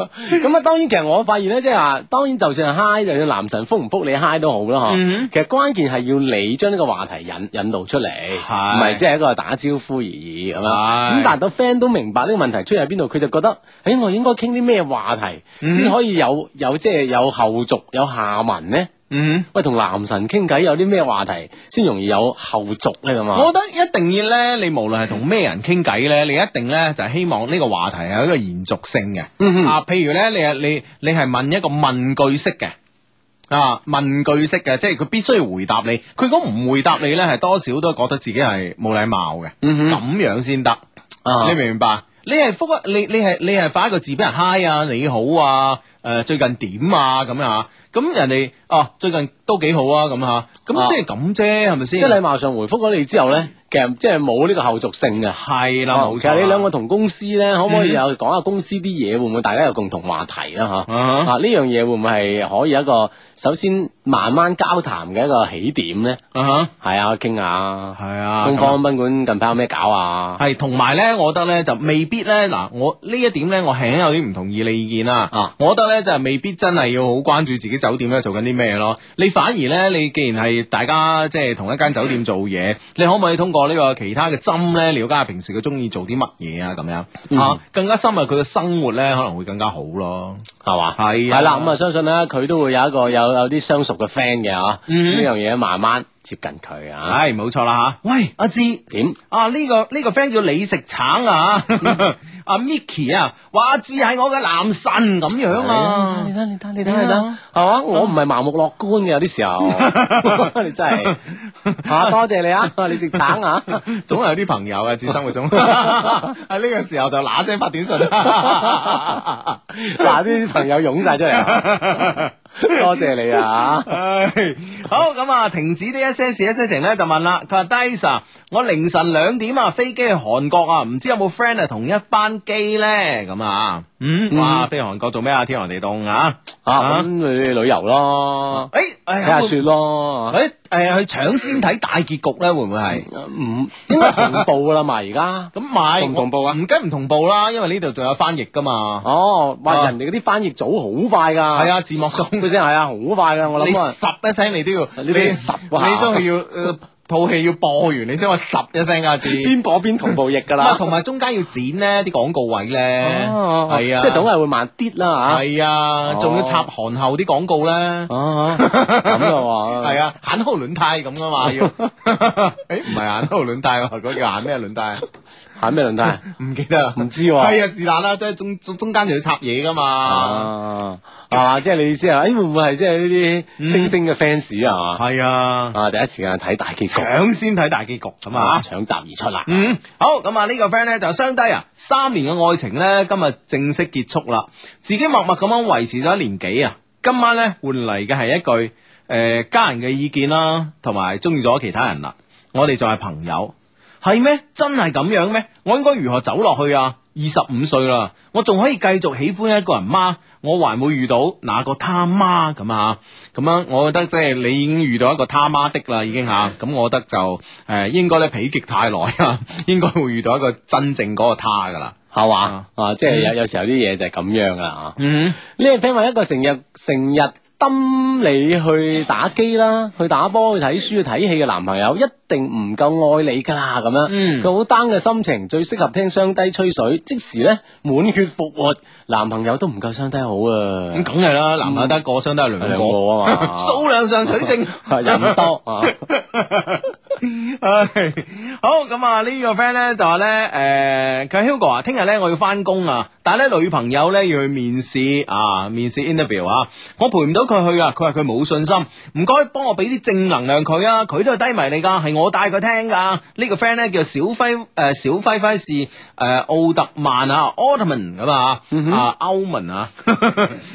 咁啊， 當然其實我發現咧，即係話，當然就算 hi 就算男神覆唔覆你嗨都好啦，嗬、嗯。其實關鍵係要你將呢個話題引引導出嚟，唔係是即係一個打招呼而已咁樣。咁是但係個 friend 都明白呢個問題出現喺邊度，佢就覺得，誒，我應該傾啲咩話題先可以有、嗯、有即係有後續有下文咧？嗯，喂，同男神傾偈有啲咩話題先容易有後續呢？咁啊，我覺得一定要呢。你無論係同咩人傾偈呢，你一定呢就係、是、希望呢個話題係一個延續性嘅。嗯、哼啊，譬如呢，你啊，你你係問一個問句式嘅，啊，問句式嘅，即係佢必須要回答你，佢如果唔回答你呢，係多少都覺得自己係冇禮貌嘅。嗯哼，咁樣先得，嗯、哼你明唔明白？你係復一，你你係你係發一個字俾人 hi 啊，你好啊。誒，最近點啊？咁啊，咁人哋哦，最近都幾好啊，咁吓，咁即係咁啫，係咪先？即係禮貌上回覆咗你之後咧，其實即係冇呢個後續性嘅。係啦，其實你兩個同公司咧，可唔可以又講下公司啲嘢？會唔會大家有共同話題啦？吓啊，呢樣嘢會唔會係可以一個首先慢慢交談嘅一個起點咧？啊係啊，傾下係啊，東方賓館近排有咩搞啊？係，同埋咧，我覺得咧就未必咧。嗱，我呢一點咧，我係有啲唔同意你意見啦。我覺得咧。就未必真係要好關注自己酒店咧做緊啲咩咯，你反而呢，你既然係大家即係同一間酒店做嘢，你可唔可以通過呢個其他嘅針呢？了解下平時佢中意做啲乜嘢啊？咁樣、嗯、啊，更加深入佢嘅生活呢，可能會更加好咯，係嘛吧，係係啦，咁啊相信呢，佢都會有一個有有啲相熟嘅 friend 嘅嗬，呢、嗯、哼樣嘢慢慢。接近佢啊，係冇錯啦吓。喂，阿志點啊？呢個呢個 friend 叫你食橙啊？阿 Micky 啊，話阿志係我嘅男神咁樣啊！你睇你睇你睇你睇，係嘛？我唔係盲目樂觀嘅，有啲時候你真係吓，多謝你啊！你食橙啊，總係有啲朋友啊，喺生活中，喺呢個時候就嗱聲發短信，嗱啲朋友湧晒出嚟，啊。多謝你啊！好咁啊，停止呢一。一些事，一些情咧就問啦。佢話 Daisy，我凌晨兩點啊，飛機去韓國啊，唔知有冇 friend 啊，同一班機咧咁啊。嗯，哇！飛韓國做咩啊？天寒地凍啊，吓咁去旅遊咯。誒，睇下雪咯。誒，誒，去搶先睇大結局咧，會唔會係？唔，應該同步噶啦嘛。而家咁咪同步啊？唔跟唔同步啦，因為呢度仲有翻譯噶嘛。哦，話人哋嗰啲翻譯組好快噶，係啊，字幕送佢先係啊，好快噶。我諗十一聲你都要，你十，你都係要誒。套戲要播完，你先話十一聲啊，字，邊播邊同步譯噶啦，同埋 中間要剪呢啲廣告位咧，係啊，啊啊啊即係總係會慢啲啦吓，係啊，仲、啊、要插韓后啲廣告咧，咁啊，喎，係啊，眼后輪呔咁啊，嘛，誒唔係眼后輪呔，嗰叫眼咩輪呔？ 係咩輪胎？唔記得啦，唔知喎。係啊，是但啦，即係中中中間又要插嘢噶嘛。啊， 啊，即係你意思啊？誒、哎，會唔會係即係呢啲星星嘅 fans 啊、嗯？係啊的，啊，第一時間睇大結局，搶先睇大結局咁啊，搶閘、啊、而出啦。啊、嗯，好，咁啊呢個 friend 咧就相低啊，三年嘅愛情咧今日正式結束啦，自己默默咁樣維持咗一年幾啊，今晚咧換嚟嘅係一句誒、呃、家人嘅意見啦，同埋鍾意咗其他人啦，我哋就係朋友。係咩？真係咁樣咩？我應該如何走落去啊？二十五歲啦，我仲可以繼續喜歡一個人嗎？我還會遇到那個他嗎？咁啊，咁樣、啊、我覺得即係你已經遇到一個他媽的啦，已經吓、啊。咁、嗯嗯、我覺得就誒、呃，應該咧否極泰來啊，應該會遇到一個真正嗰個他噶啦，係嘛啊？吧嗯、即係有有時候啲嘢就係咁樣噶吓、啊。嗯，你聽聞一個成日成日氹你去打機啦，去打波，去睇書，去睇戲嘅男朋友一。定唔夠愛你噶啦咁樣，嗯，佢好 down 嘅心情最適合聽雙低吹水，即時咧滿血復活。男朋友都唔夠雙低好啊，咁梗係啦，男朋友得一個，雙低係兩個啊嘛，數量上取勝，人多啊。好，咁啊，呢個 friend 咧就話咧，誒，佢 Hugo 啊，聽日咧我要翻工啊，但係咧女朋友咧要去面試啊，面試 interview 啊，我陪唔到佢去啊，佢話佢冇信心，唔該幫我俾啲正能量佢啊，佢都係低迷你噶，我帶佢聽噶，呢個 friend 咧，叫小輝，誒小輝輝是誒奧特曼啊，奧特曼咁啊，歐文啊。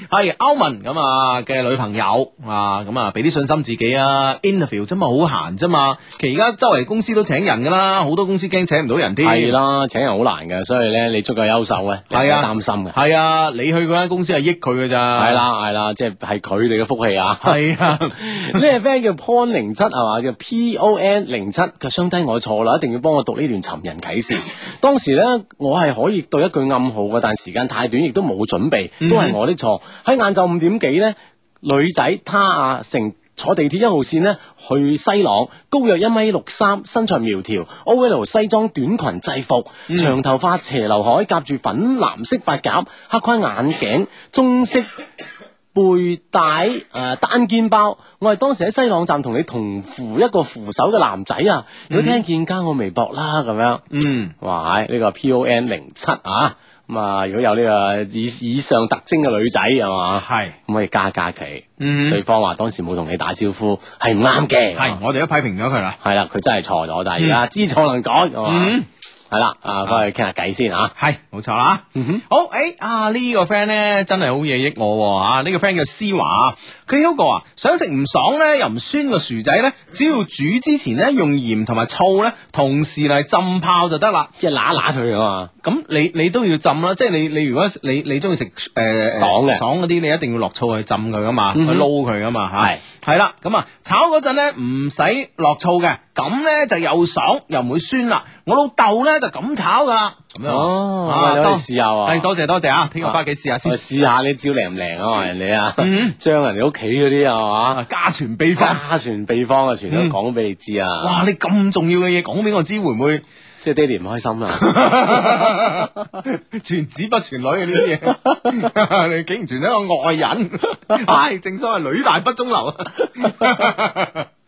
係歐文咁嘅女朋友，咁俾啲信心自己啊，interview 真係好閒啫嘛，其實而家周圍公司都請人噶啦，好多公司驚請唔到人啲。係啦，請人好難嘅，所以咧你足夠優秀啊，唔使擔心嘅，係啊，你去嗰間公司係益佢嘅咋，係啦係啦，即係係佢哋嘅福氣，係啊，呢個 friend 叫 pon 零七係嘛，叫 p o n。零七嘅雙低我錯啦，一定要幫我讀呢段尋人啟事。當時呢，我係可以對一句暗號嘅，但時間太短，亦都冇準備，都係我的錯。喺晏晝五點幾呢，女仔她啊，乘坐地鐵一號線呢，去西朗，高約一米六三，身材苗條，OL 西裝短裙制服，長頭髮斜劉海，夾住粉藍色髮夾，黑框眼鏡，棕色。嗯背帶誒、呃、單肩包，我係當時喺西朗站同你同扶一個扶手嘅男仔啊，如果，嗯、聽見加我微博啦咁樣，嗯，哇，呢，這個 P O M 零七啊，咁啊，如果有呢個以以上特徵嘅女仔係嘛，係是，咁可以加加佢，嗯，對方話當時冇同你打招呼係唔啱嘅，係是、啊，我哋都批評咗佢啦，係啦，佢真係錯咗，但係而家知錯能改，啊、嗯。嗯係啦、呃，啊，翻去傾下偈先吓。係，冇錯啦，嗯哼、mm，hmm. 好，誒、欸，啊，這個、呢個 friend 咧真係好有益我、啊，吓、這個，呢個 friend 叫思華。佢嗰個啊，想食唔爽咧，又唔酸個薯仔咧，只要煮之前咧用鹽同埋醋咧，同時嚟浸泡就得啦。即係揦揦佢啊嘛。咁你你都要浸啦，即係你你如果你你中意食誒爽嘅的爽嗰啲，你一定要落醋去浸佢噶嘛，嗯、哼去撈佢噶嘛嚇。係係啦，咁是、啊、炒嗰陣咧唔使落醋嘅，咁咧就又爽又唔會酸啦。我老豆咧就咁炒噶。咁樣哦，啊、可以試下。係，多謝多謝，聽日翻屋企試下先。試下你招靈唔靈啊？人哋啊，將、嗯、人哋屋企嗰啲係嘛？家傳秘方，家傳秘方、嗯、啊，全都講俾你知啊！哇，你咁重要嘅嘢講俾我知，會唔會即係爹哋唔開心啊？傳 子不傳女啊，呢啲嘢， 你竟然傳咗一個外人，唉， 正所謂女大不中留。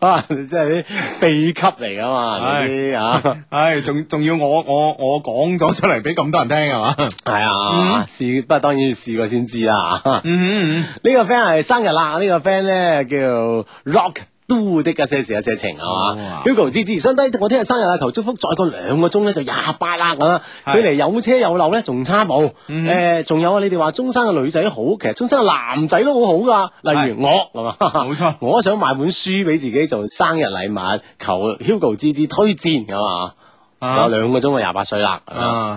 啊！即係啲秘笈嚟噶嘛？呢啲啊，唉、 哎，仲仲要我我我講咗出嚟俾咁多人聽係嘛？係啊，試不過當然試過先知啦。嗯嗯嗯，呢、hmm. 個 friend 係生日啦！這個、呢個 friend 咧叫 Rock。都會的噶，一些事啊，一些情係嘛。 Hugo 志志，相低，我聽日生日啊，求祝福，再過兩個鐘咧就廿八啦。佢嚟是有車有樓咧，仲差冇。誒、嗯，仲、呃、有啊，你哋話中山嘅女仔好，其實中山嘅男仔都好好噶。例如我冇錯，我想買本書俾自己做生日禮物，求 Hugo 志志推薦咁啊。仲有兩個鐘啊，廿八歲啦！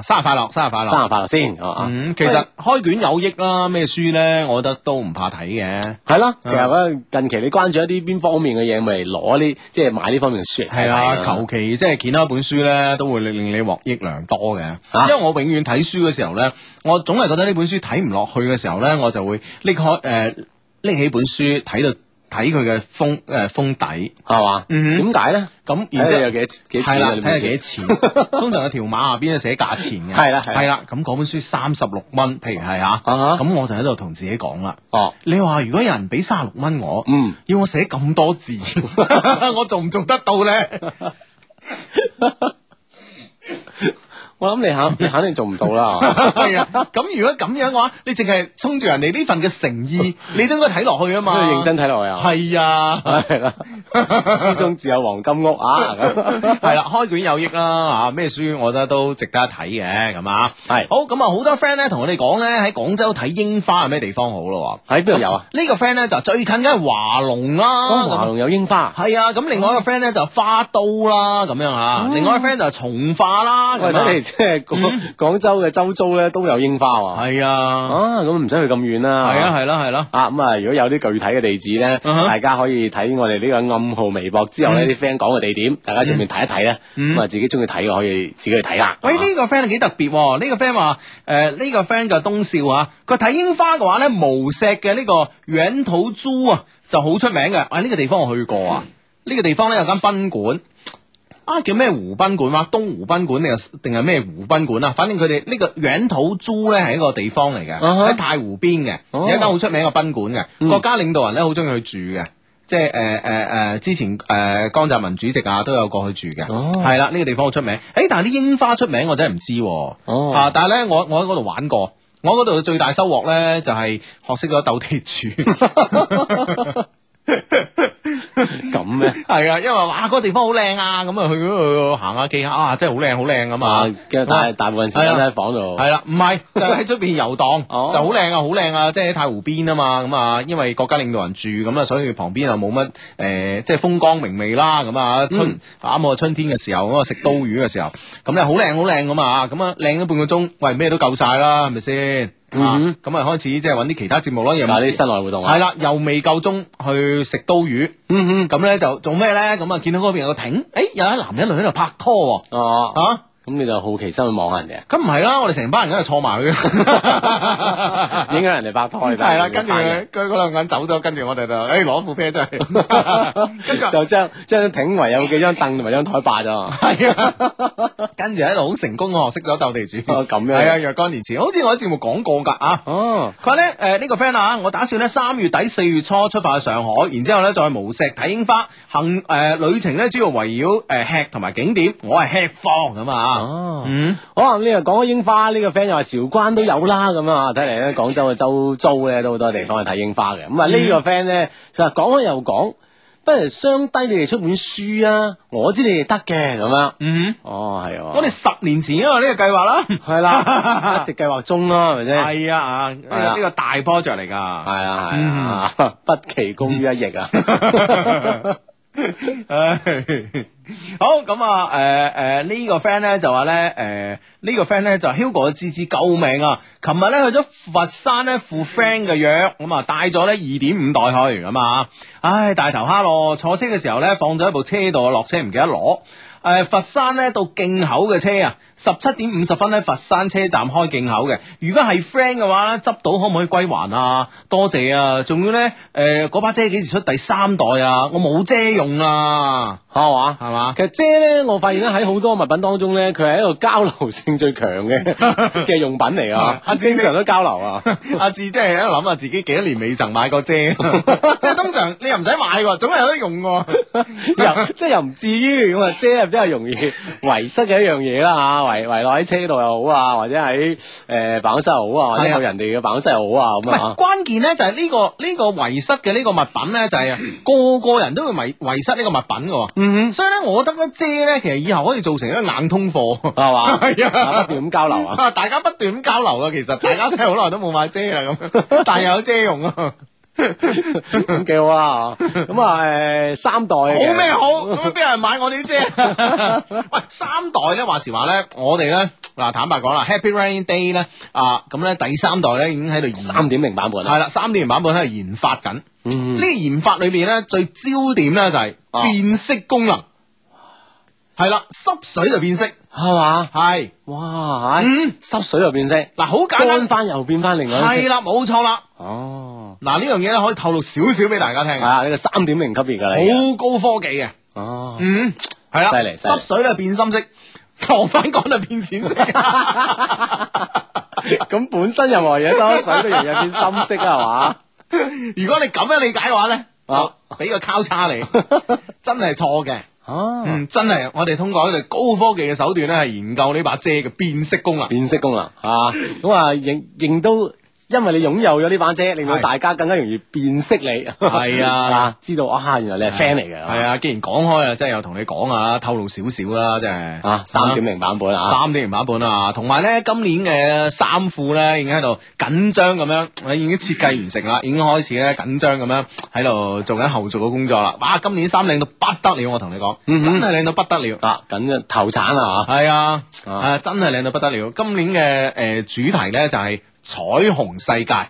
生日快樂，生日快樂，生日快樂先、啊嗯。其實開卷有益啦、啊，咩書呢？我覺得都唔怕睇嘅。係啦的，嗯、其實近期你關注一啲邊方面嘅嘢，咪攞啲即係買呢方面嘅書。係啦，求、就是、其即係揀一本書呢，都會令你獲益良多嘅。啊、因為我永遠睇書嘅時候呢，我總係覺得呢本書睇唔落去嘅時候呢，我就會拎開誒，拎、呃、起本書睇到。睇佢嘅封誒封底係嘛，點解咧？咁、嗯、哼然之後有幾幾錢？睇下幾錢？通常有條碼下邊寫價錢嘅，係啦係啦。咁嗰了本書三十六蚊，譬如係吓，咁 我就喺度同自己講啦。哦， 你話如果有人俾三十六蚊我，嗯，要我寫咁多字， 我做唔做得到咧？ 我諗你肯，你肯定做唔到啦。係啊，咁如果咁樣嘅話，你淨係衝住人哋呢份嘅誠意，你都應該睇落去啊嘛。認真睇落去啊，係啊，係啦，書中自有黃金屋啊，係啦，開卷有益啦啊，咩書我覺得都值得睇嘅咁啊。係好，咁啊好多 friend 咧同我哋講咧喺廣州睇櫻花係咩地方好咯？喺邊度有啊？呢個 friend 咧就最近梗係華龍啦，華龍有櫻花。係啊，咁另外一個 friend 咧就花都啦咁樣吓，另外一個 friend 就從化啦即係廣廣州嘅周遭咧都有櫻花喎，係啊，啊咁唔使去咁遠啦，係啊，係啦，係啦、啊，啊咁啊，啊如果有啲具體嘅地址咧，uh huh. 大家可以睇我哋呢個暗號微博之後呢啲 friend 講嘅地點，嗯、大家上面睇一睇咧，咁、嗯、啊自己中意睇嘅可以自己去睇啦。嗯啊、喂，呢、呢個 friend 幾特別喎？呢、呢個 friend 話誒呢個 friend 就東少啊，佢睇櫻花嘅話咧，無錫嘅呢個遠土珠啊就好出名嘅，啊呢、呢個地方我去過啊，呢、嗯、個地方咧有間賓館。啊，叫咩湖賓館啊？東湖賓館定定係咩湖賓館啊？反正佢哋呢個黿頭渚呢係一個地方嚟嘅，喺太、uh huh. 湖邊嘅，uh huh. 有一間好出名嘅賓館嘅，uh huh. 國家領導人呢，好中意去住嘅，即係誒誒誒，之前誒、呃、江澤民主席啊都有過去住嘅，係啦、uh，呢、huh. 這個地方好出名。誒、欸，但係啲櫻花出名，我真係唔知、啊。哦、uh，huh. 但係呢，我我喺嗰度玩過，我嗰度最大收穫呢，就係、是、學識咗鬥地主。 咁咩？係啊，因為哇，嗰個地方好靚啊，咁啊去嗰度行下，記下啊，真係好靚，好靚咁啊！其實大部分時間喺房度，係啦，唔係就喺出邊遊蕩，就好靚啊，好靚啊！即係喺太湖邊啊嘛，咁啊，因為國家領導人住，咁啊，所以旁邊啊冇乜誒，即係風光明媚啦，咁啊春啱好春天嘅時候，咁啊食刀魚嘅時候，咁咧好靚，好靚咁啊，咁啊靚咗半個鐘，喂，咩都夠晒啦，係咪先？Mm hmm. 啊、嗯，咁啊開始即係揾啲其他節目咯，又冇啲室內活動啊，係啦，又未夠鐘去食刀魚，嗯哼、mm，咁、hmm. 咧就做咩咧？咁啊見到嗰邊有個艇，誒、欸，有一男一女喺度拍拖，哦，uh huh. 啊。咁你就好奇心去望下人哋？咁唔係啦，我哋成班人咁就坐埋佢，影響人哋拍拖。係啦，跟住佢佢嗰兩個人走咗，跟住我哋就，哎攞副啤真係， 跟著 就將將挺圍有幾張凳同埋張台霸咗。係啊，跟住喺度好成功學識咗鬥地主。 哦，咁樣係啊、哎，若干年前，好似我喺節目講過㗎啊。哦，佢話咧誒呢、呃這個 friend 啊，我打算咧三月底四月初出發去上海，然之後咧再無錫睇櫻花。行誒、呃、旅程咧主要圍繞誒吃同埋景點，我係吃貨咁啊。啊嗯、哦，嗯，好啊！呢個講開櫻花，呢、這個 friend 又話韶關都有啦，咁啊，睇嚟，咧廣州嘅周遭咧都好多地方去睇櫻花嘅。咁啊、嗯、呢個 friend 咧就講開又講，不如雙低你哋出本書啊，我知你哋得嘅咁樣，嗯，哦係，我哋十年前因為呢個計劃啦，係 啦，一直計劃中啦，係咪先？係啊，呢呢個大 project 嚟噶，係啊係啊，不期功於一役啊，好咁啊！誒誒，呢、呃呃這個 friend 咧就話咧，誒、呃、呢、這個 friend 咧就 Hugo 嘅芝芝救命啊！琴日咧去咗佛山咧赴 friend 嘅約，咁啊帶咗咧二點五袋去啊嘛，唉、哎、大頭蝦咯！坐車嘅時候咧放咗喺部車度，落車唔記得攞。誒、呃、佛山咧到勁口嘅車啊！十七點五十分喺佛山車站開競口嘅，如果係 friend 嘅話咧，執到可唔可以歸還啊？多謝啊！仲要咧，誒、呃，嗰把遮幾時出第三代啊？我冇遮用啊，吓話係嘛？吧其實遮咧，我發現咧喺好多物品當中咧，佢係一個交流性最強嘅嘅用品嚟 啊！阿志成日都交流 啊！阿志即係喺度諗下自己幾多年未曾買過遮，即係 通常你又唔使買個，總係有得用個， 又即係又唔至於咁啊！遮係比較容易遺失嘅一樣嘢啦吓。遺遺落喺車度又好啊，或者喺誒、辦公室又好啊，或者有人哋嘅辦公室又好啊，咁啊。關鍵咧就係呢個呢個遺失嘅呢個物品咧，就係個個人都會遺遺失呢個物品嘅。嗯，所以咧，我覺得咧，遮咧其實以後可以造成一個硬通貨，係嘛？係啊，不斷咁交流啊，嗯，大家不斷咁交流啊，其實大家真係好耐都冇買遮啦，咁但係有遮用啊。咁幾 好啊！咁誒，三代好咩好？咁邊人買我哋啫？喂， 三代咧話時話咧，我哋咧嗱，坦白講啦，Happy Rain Day 咧，啊，咁咧第三代咧已經喺度、嗯、三點零版本，係啦，三點零版本喺度研發緊。呢個、嗯、研發裏邊咧最焦點咧就係變色功能，係啦、啊，濕水就變色，係嘛吧？係是，哇，嗯，濕水就變色，嗱、嗯，好、啊、簡單，翻又變翻另外一種，係啦，冇錯啦，哦。嗱呢樣嘢咧可以透露少少俾大家聽嘅，呢、啊這個三點零級別嘅，好高科技嘅。哦，嗯，係啦，犀利，濕水咧變深色，晾翻乾就變淺色。咁本身任何嘢濕水都容易變深色啊？係嘛？如果你咁樣理解嘅話咧，就俾、啊、個交叉嚟，真係錯嘅。哦、嗯，真係，我哋通過一個高科技嘅手段咧，係研究呢把遮嘅變色功能。變色功能啊，咁啊認認到。因為你擁有咗呢把遮，令到大家更加容易辨識你，係啊， 知道啊，原來你係 friend 嚟嘅係啊。既然講開，即係又同你講啊，透露少少啦，真係啊，三點零版本啊，三點零版本啊，同埋呢，今年嘅衫褲呢已經喺度緊張咁樣，已經設計完成啦，嗯、已經開始咧緊張咁樣喺度做緊後續嘅工作啦。哇、啊，今年衫靚到不得了，我同你講，嗯、哼真係靚到不得了啊！緊張投產啊，係啊,啊,啊，真係靚到不得了。今年嘅誒、呃、主題呢就係、是。彩虹世界，話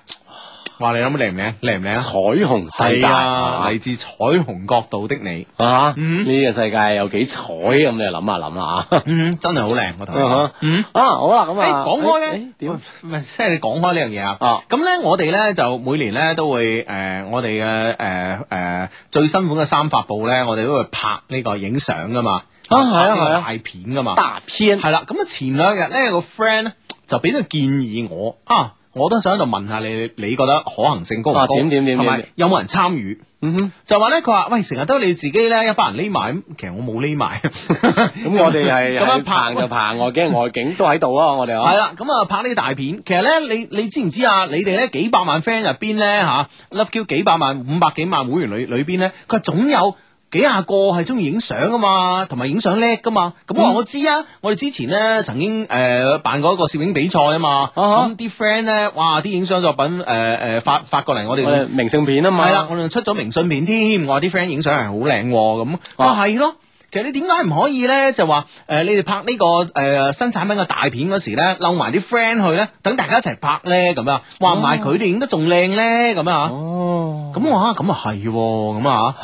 你諗靚唔靚？靚唔靚？彩虹世界，嚟自彩虹角度的你啊！呢個世界有幾彩咁，你又諗下諗下，吓。嗯，真係好靚我頭。嗯啊，好啦咁啊，講開咧，點係？即係講開呢樣嘢啊！咁咧，我哋咧就每年咧都會誒，我哋嘅誒誒最新款嘅衫發佈咧，我哋都會拍呢個影相噶嘛。咁係啊係啊，大片噶嘛，大片係啦。咁啊前兩日咧有個 friend 就俾咗建議我啊，我都想喺度問下你，你覺得可行性高唔高？點點點，係有冇人參與？嗯哼，就話咧，佢話喂，成日都你自己咧一班人匿埋咁，其實我冇匿埋。咁我哋係咁樣拍就拍，外景外景都喺度啊！我哋係啦，咁啊拍呢啲大片，其實咧，你你知唔知啊？你哋咧幾百萬 friend 入邊咧吓 LoveQ 幾百萬五百幾萬會員裏裏邊咧，佢總有。幾廿個係中意影相噶嘛，同埋影相叻噶嘛，咁、嗯嗯、我話我知啊，我哋之前咧曾經誒、呃、辦過一個攝影比賽啊嘛，咁啲 friend 咧，哇啲影相作品誒誒、呃、發發過嚟，我哋明信片啊嘛，係啦，我哋出咗明信片添，我話啲 friend 影相係好靚咁，係、huh. 咯。其實你點解唔可以咧？就話誒，你哋拍呢個誒新產品嘅大片嗰時咧，撈埋啲 friend 去咧，等大家一齊拍咧，咁樣，哇！唔係佢哋影得仲靚咧，咁啊？哦，咁啊，咁啊係，咁啊，係嘛？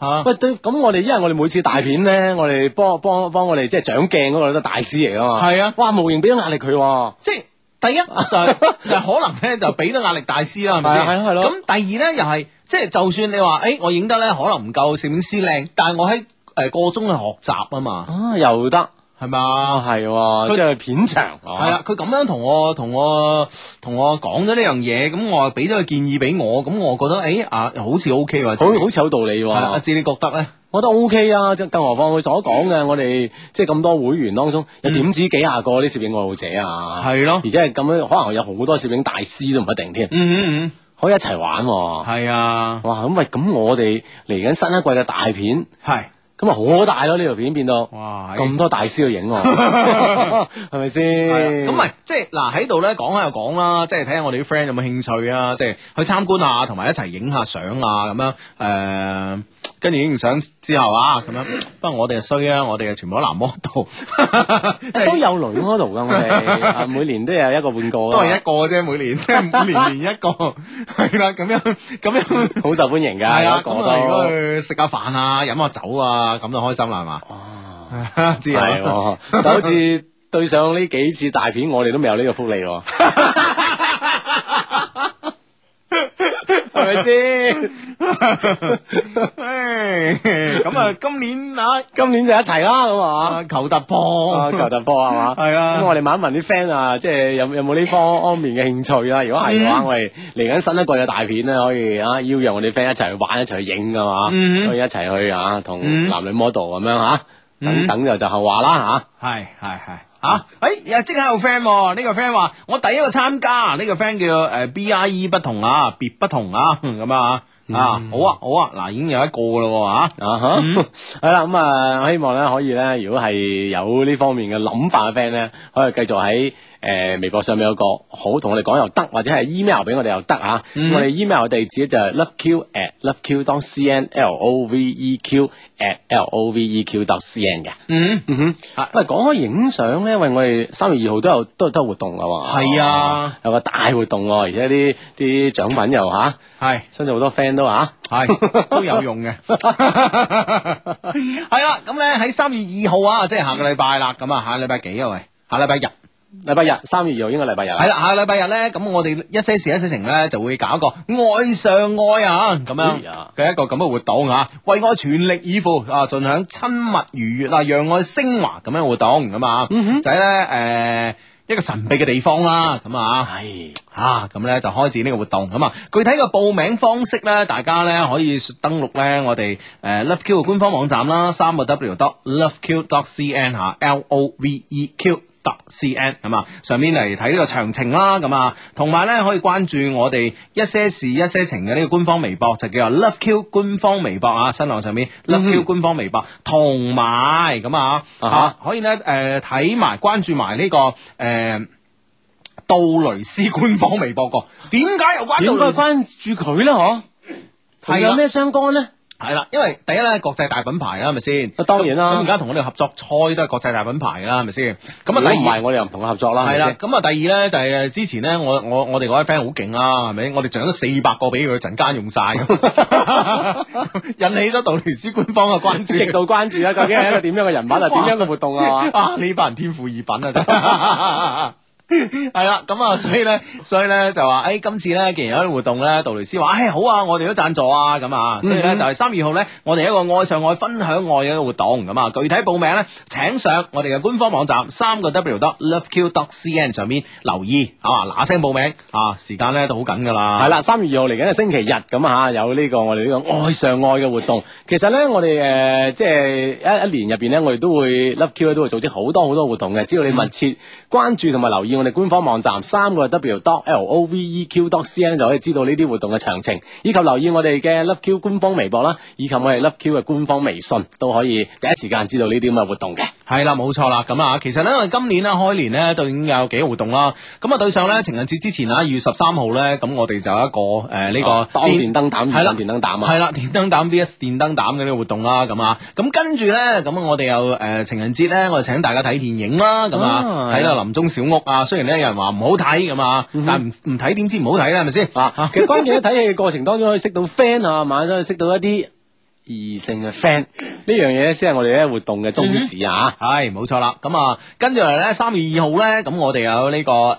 吓喂，咁我哋，因為我哋每次大片咧，我哋幫幫幫我哋即係掌鏡嗰個都大師嚟噶嘛？係啊，哇！無形俾咗壓力佢，即係第一就係就可能咧就俾咗壓力大師啦，係咪係咯係咯。咁第二咧又係，即係就算你話誒，我影得咧可能唔夠攝影師靚，但係我喺。誒，個鐘去學習啊嘛，啊又得係嘛，係即係片場係啦。佢咁樣同我同我同我講咗呢樣嘢，咁我又俾咗個建議俾我，咁我覺得誒啊，好似 OK，好，好似有道理。阿志你覺得咧？我覺得 OK 啊，即更何況佢所講嘅，我哋即係咁多會員當中，又點止幾廿個啲攝影愛好者啊？係咯，而且係咁樣，可能有好多攝影大師都唔一定添。嗯嗯，可以一齊玩。係啊，哇咁喂，咁我哋嚟緊新一季嘅大片係。咁啊，好大咯！呢條片變到，哇，咁多大師去影我，係咪先？咁咪 即係嗱，喺度咧講下又講啦，講講即係睇下我哋啲 friend 有冇興趣啊，即係去參觀啊，同埋一齊影下相啊，咁樣誒。跟住影完相之後啊，咁樣，不過我哋衰啊， 我哋係 全部都男 model， 啊、都有女 model 噶我哋，每年都有一個半個， 都係一個啫，每年，唔得，年年一個，係 啦，咁 樣，咁樣，好 受歡迎噶，係 啊，咁啊去食下飯啊，飲下酒啊，咁就開心啦，係嘛，哦，知 係，但好似對上呢幾次大片，我哋都未有呢個福利，係咪先？ 咁啊， 嗯嗯嗯、今年啊，今年就一齊啦，咁啊，求突破，求突破係嘛？係啊。咁我哋問一問啲 friend，即係有有冇呢方面嘅興趣啊？如果係嘅話，我哋嚟緊新一季嘅大片咧，可以啊，邀約我哋 friend 一齊去玩，一齊去影啊嘛，嗯、可以一齊去啊，同男女 model 咁樣吓、啊，等等就就後話啦吓。係係係吓，誒即刻有 friend，呢、這個 friend 話我第一個參加，呢、這個 friend 叫誒 B I E 不同啊，別不同啊咁啊。啊啊啊啊啊啊，好啊好啊，嗱已經有一個啦喎嚇，啊吓，係啦咁啊，我希望咧可以咧，如果係有呢方面嘅諗法嘅 friend 咧，可以繼續喺。誒、呃，微博上面有個好，同我哋講又得，或者係 email 俾我哋又得啊！嗯嗯、我哋 email 地址就係 loveq at loveq dot c n l o v e q at l o v e q dot c n 嘅。嗯嗯哼，喂，講開影相咧，因為我哋三月二號都有都有活動噶喎。係是啊，有個大活動，而且啲啲獎品又吓，係、啊，是 相信好多 friend 都吓，係、啊，都有用嘅。係啦，咁咧喺三月二號啊，即係下個禮拜啦，咁啊，下禮拜幾啊，喂，下禮拜日。禮拜日，三月二號應該禮拜日，係啦， 下個禮拜日咧，咁我哋一些事一些情咧就會搞一個愛上愛啊咁樣嘅一個咁嘅活動啊，為愛全力以赴啊，盡享親密愉悦啊，讓愛升華咁樣活動咁啊，嗯、哼就喺咧誒一個神秘嘅地方啦，咁啊係啊，咁咧是、啊、就開展呢個活動咁啊，具體嘅報名方式咧，大家咧可以登錄咧我哋誒、呃、Love Q 嘅官方網站啦，三個 W dot Love Q dot C N 吓，L O V E Q。d c n 係嘛？上面嚟睇呢個詳情啦，咁啊同埋咧可以關注我哋一些事一些情嘅呢個官方微博，就叫做 Love Q 官方微博啊，新浪上面 Love Q 官方微博，同埋咁啊吓，可以咧誒睇埋關注埋呢個誒杜蕾斯官方微博個，點解又關？點解翻住佢咧？嗬，係有咩相干咧？係啦，因為第一咧，國際大品牌啦，係咪先？啊，當然啦。咁而家同我哋合作，菜都係國際大品牌啦，係咪先？咁啊，第二我哋又唔同合作啦。係啦，咁啊，第二咧就係之前咧我我我哋嗰位 friend 好勁啊，係咪？我哋獎咗四百個俾佢陣間用晒，引起咗杜蕾斯官方嘅關注，極度關注啊！究竟係一個點樣嘅人物啊？點樣嘅活動啊？哇！呢班人天賦異稟啊！真。係啦，咁啊， 所以咧，所以咧就話，誒、欸，今次咧，既然有啲活動咧，杜蕾斯話，誒、欸，好啊，我哋都贊助啊，咁啊，所以咧就係三月號咧，我哋一個愛上愛分享愛嘅一個活動，咁啊，具體報名咧，請上我哋嘅官方網站，三個 W 得 Love Q dot C N 上面留意啊，嗱聲報名啊，時間咧都好緊噶啦，係啦，三月二號嚟緊係星期日，咁啊、這個，有呢個我哋呢個愛上愛嘅活動，其實咧我哋誒、呃，即係一一年入邊咧，我哋都會 Love Q 都會組織好多好多好多活動嘅，只要你密切關注同埋留意。我哋官方網站三個 W dot L O V E Q dot C N 就可以知道呢啲活動嘅詳情，以及留意我哋嘅 Love Q 官方微博啦，以及我哋 Love Q 嘅官方微信都可以第一時間知道呢啲咁嘅活動嘅。係啦，冇錯啦，咁啊，其實咧，因為今年咧，開年咧都已經有幾個活動啦。咁啊，對上咧情人節之前，呃、啊，二月十三號咧，咁我哋就一個誒呢個當電燈膽，係啦，欸啊，電燈膽，係啦，電燈膽 V S 電燈膽嘅呢個活動啦。咁啊，咁跟住咧，咁我哋又誒情人節咧，我哋請大家睇電影啦。咁啊，係啦樣，啊、林中小屋啊，雖然咧有人話唔好睇，咁啊，但係唔唔睇點知唔好睇咧，係咪先？啊，其實關鍵咧，睇戲嘅過程當中可以識到 friend 啊，晚上可以識到一啲。異性嘅 friend 呢樣嘢先係我哋咧活動嘅宗旨啊！係冇錯啦，咁啊，跟住嚟咧，三月二號咧，咁我哋有呢個誒誒，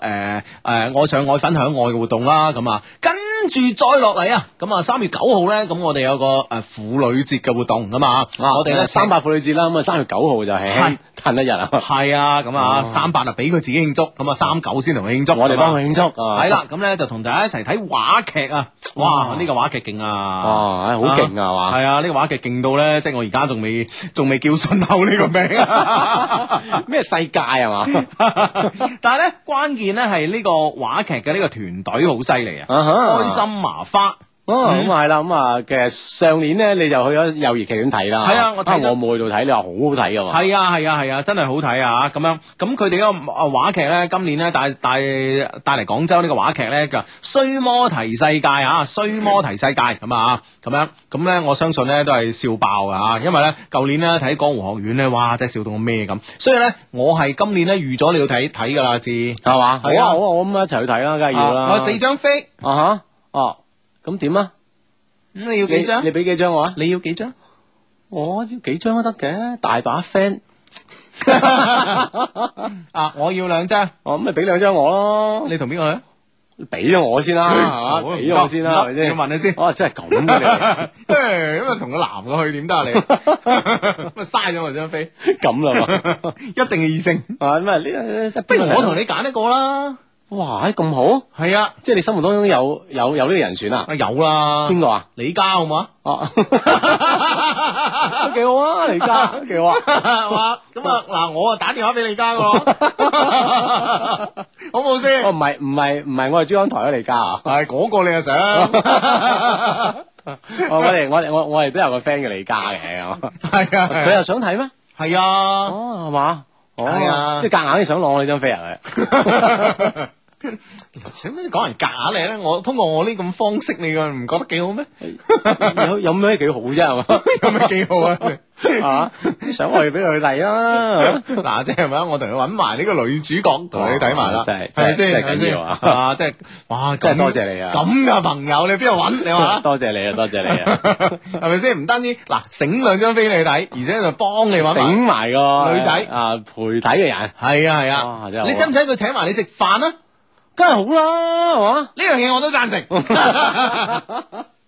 愛上愛分享愛嘅活動啦。咁啊，跟住再落嚟啊，咁啊，三月九號咧，咁我哋有個誒婦女節嘅活動啊嘛。我哋咧三八婦女節啦，咁啊，三月九號就係嘆一日啊。係啊，咁啊，三八啊，俾佢自己慶祝，咁啊，三九先同佢慶祝。我哋幫佢慶祝。係啦，咁咧就同大家一齊睇話劇啊！哇，呢個話劇勁啊！哇，唉，好勁啊！係嘛，係啊，呢個話。嘅勁到咧，即係我而家仲未仲未叫信口呢個名，啊。咩世界啊嘛？ 但係咧，關鍵咧係呢個話劇嘅呢個團隊好犀利啊，uh huh. 開心麻花。哦，咁係啦，咁啊、嗯嗯，其實上年咧你就去咗幼兒劇院睇啦，係啊，我睇我妹去度睇，你話好好睇噶嘛，係啊，係啊，係啊，啊，真係好睇啊咁樣，咁佢哋個啊話劇咧，今年咧帶帶帶嚟廣州呢個話劇咧叫《衰魔提世界》啊，《衰魔提世界》咁啊，咁樣，咁咧我相信咧都係笑爆噶吓，因為咧舊年咧睇《江湖學院》咧，哇，真係笑到我咩咁，所以咧我係今年咧預咗你要睇睇噶啦，至係嘛，係吧我啊，好我我咁啊一齊去睇啦，梗係要啦，我四張飛啊，吓，哦、啊。啊啊咁點啊？咁你要幾張？你俾幾張我？啊？你要幾張？我要幾張都得嘅，大把 friend。啊！我要兩張，我咁咪俾兩張我咯。你同邊個去？俾咗我先啦，俾我先啦，係咪先？要問你先。哦，真係咁嘅你，咁啊同個男嘅去點得啊你？咁啊嘥咗我張飛。咁啦，一定係異性。啊，咁啊呢？不如我同你揀一個啦。哇！咁好係啊，即係你生活當中有有有呢個人選啊？有啦，邊個啊？李嘉，好嘛？哦，都幾好啊！李嘉幾好啊哇，咁啊，嗱，我啊打電話俾李嘉個，好冇先？哦，唔係唔係唔係，我係珠江台嘅李嘉啊，但係嗰個你又想？我我哋我我我哋都有個 friend 嘅，李嘉嘅，係啊，佢又想睇咩？係啊，哦，係嘛？哦，即係夾硬想攞呢張飛啊！使乜講人假，你咧？我通過我呢咁方式，你又唔覺得幾好咩？有有咩幾好啫？係嘛？有咩幾好啊？想去俾佢嚟啊？嗱，即係咩？我同佢揾埋呢個女主角，同佢睇埋啦，係咪先？係咪先？啊！即係哇！真係多謝你啊！咁嘅朋友，你邊度揾？你話多謝你啊！多謝你啊！係咪先？唔單止嗱，醒兩張飛你睇，而且就幫你話醒埋個女仔啊陪睇嘅人，係啊係啊！你使唔使佢請埋你食飯啊？梗係好啦，係嘛？呢樣嘢我都贊成。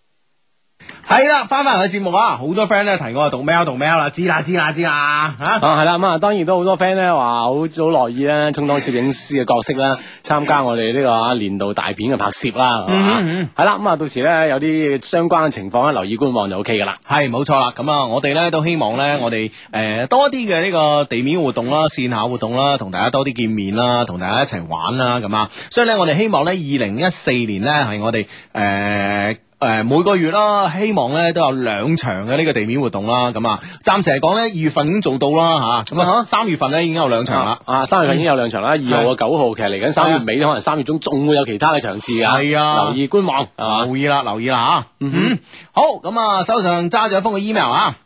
係啦，翻翻嚟嘅節目 do me, do me 啊，好多 friend 咧，提我讀咩啊，讀咩啊啦，知啦，知啦，知啦嚇。係啦，咁啊，當然都好多 friend 咧話好好樂意咧充當攝影師嘅角色啦，參加我哋呢個年度大片嘅拍攝啦、嗯。嗯嗯，係啦，咁啊，到時咧有啲相關嘅情況咧，留意觀望就 OK 噶啦。係冇錯啦，咁啊，我哋咧都希望咧，我哋誒、呃、多啲嘅呢個地面活動啦、線下活動啦，同大家多啲見面啦，同大家一齊玩啦咁啊。所以咧，我哋希望咧，二零一四年咧係我哋誒。呃誒，每個月啦、啊，希望咧都有兩場嘅呢個地面活動啦。咁啊，暫時嚟講咧，二月份已經做到啦，吓咁啊，三月份咧已經有兩場啦，啊，啊，三月份已經有兩場啦，二、嗯、號啊九號，其實嚟緊三月尾咧，啊、可能三月中仲會有其他嘅場次噶，係啊，啊留意觀望，係嘛吧，留意啦、啊，留意啦，吓，嗯哼，好，咁啊手上揸咗一封嘅 email 啊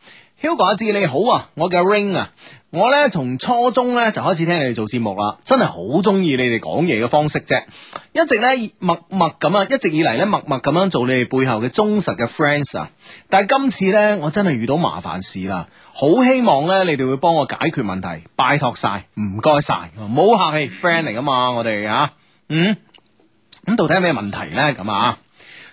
，Hugo 阿、啊、志你好啊，我叫 Ring 啊。我呢，從初中呢，就開始聽你哋做節目啦，真係好中意你哋講嘢嘅方式啫，一直呢，默默咁啊，一直以嚟呢，默默咁樣做你哋背後嘅忠實嘅 friends 啊，但係今次呢，我真係遇到麻煩事啦，好希望呢，你哋會幫我解決問題，拜託晒，唔該晒。唔好客氣，friend 嚟噶嘛，我哋啊，嗯，咁到底係咩問題呢？咁啊，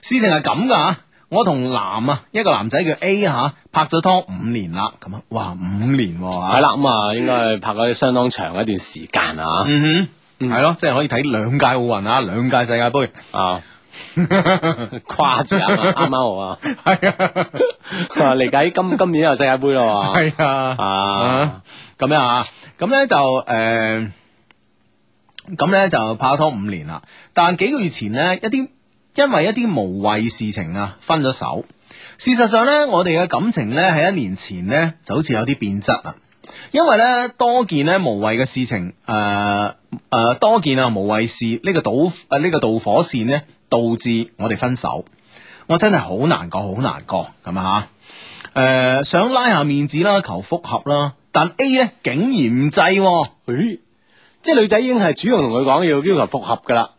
事情係咁噶我同男啊，一個男仔叫 A 吓、啊，拍咗拖五年啦，咁啊，哇，五年係啦，咁啊，應該係拍咗相當長一段時間啊，嗯哼，係咯，即 係可以睇兩屆奧運啊，兩屆世界杯啊， 誇張，啱啱 好 啊？係嚟緊今今,今年有世界杯咯，係啊，啊，咁、啊嗯、樣啊，咁咧就誒，咁、嗯、咧就拍咗拖五年啦，但幾個月前咧一啲。因為一啲無謂事情啊，分咗手。事實上咧，我哋嘅感情咧，喺一年前咧，就好似有啲變質啦。因為咧，多件咧無謂嘅事情，誒、呃、誒、呃，多件啊無謂事，呢、呢個導誒呢個導火線咧，導致我哋分手。我真係好難過，好難過咁啊！誒、呃，想拉下面子啦，求復合啦，但 A 咧竟然唔制、哦，誒、哎，即係女仔已經係主動同佢講要要求復合噶啦。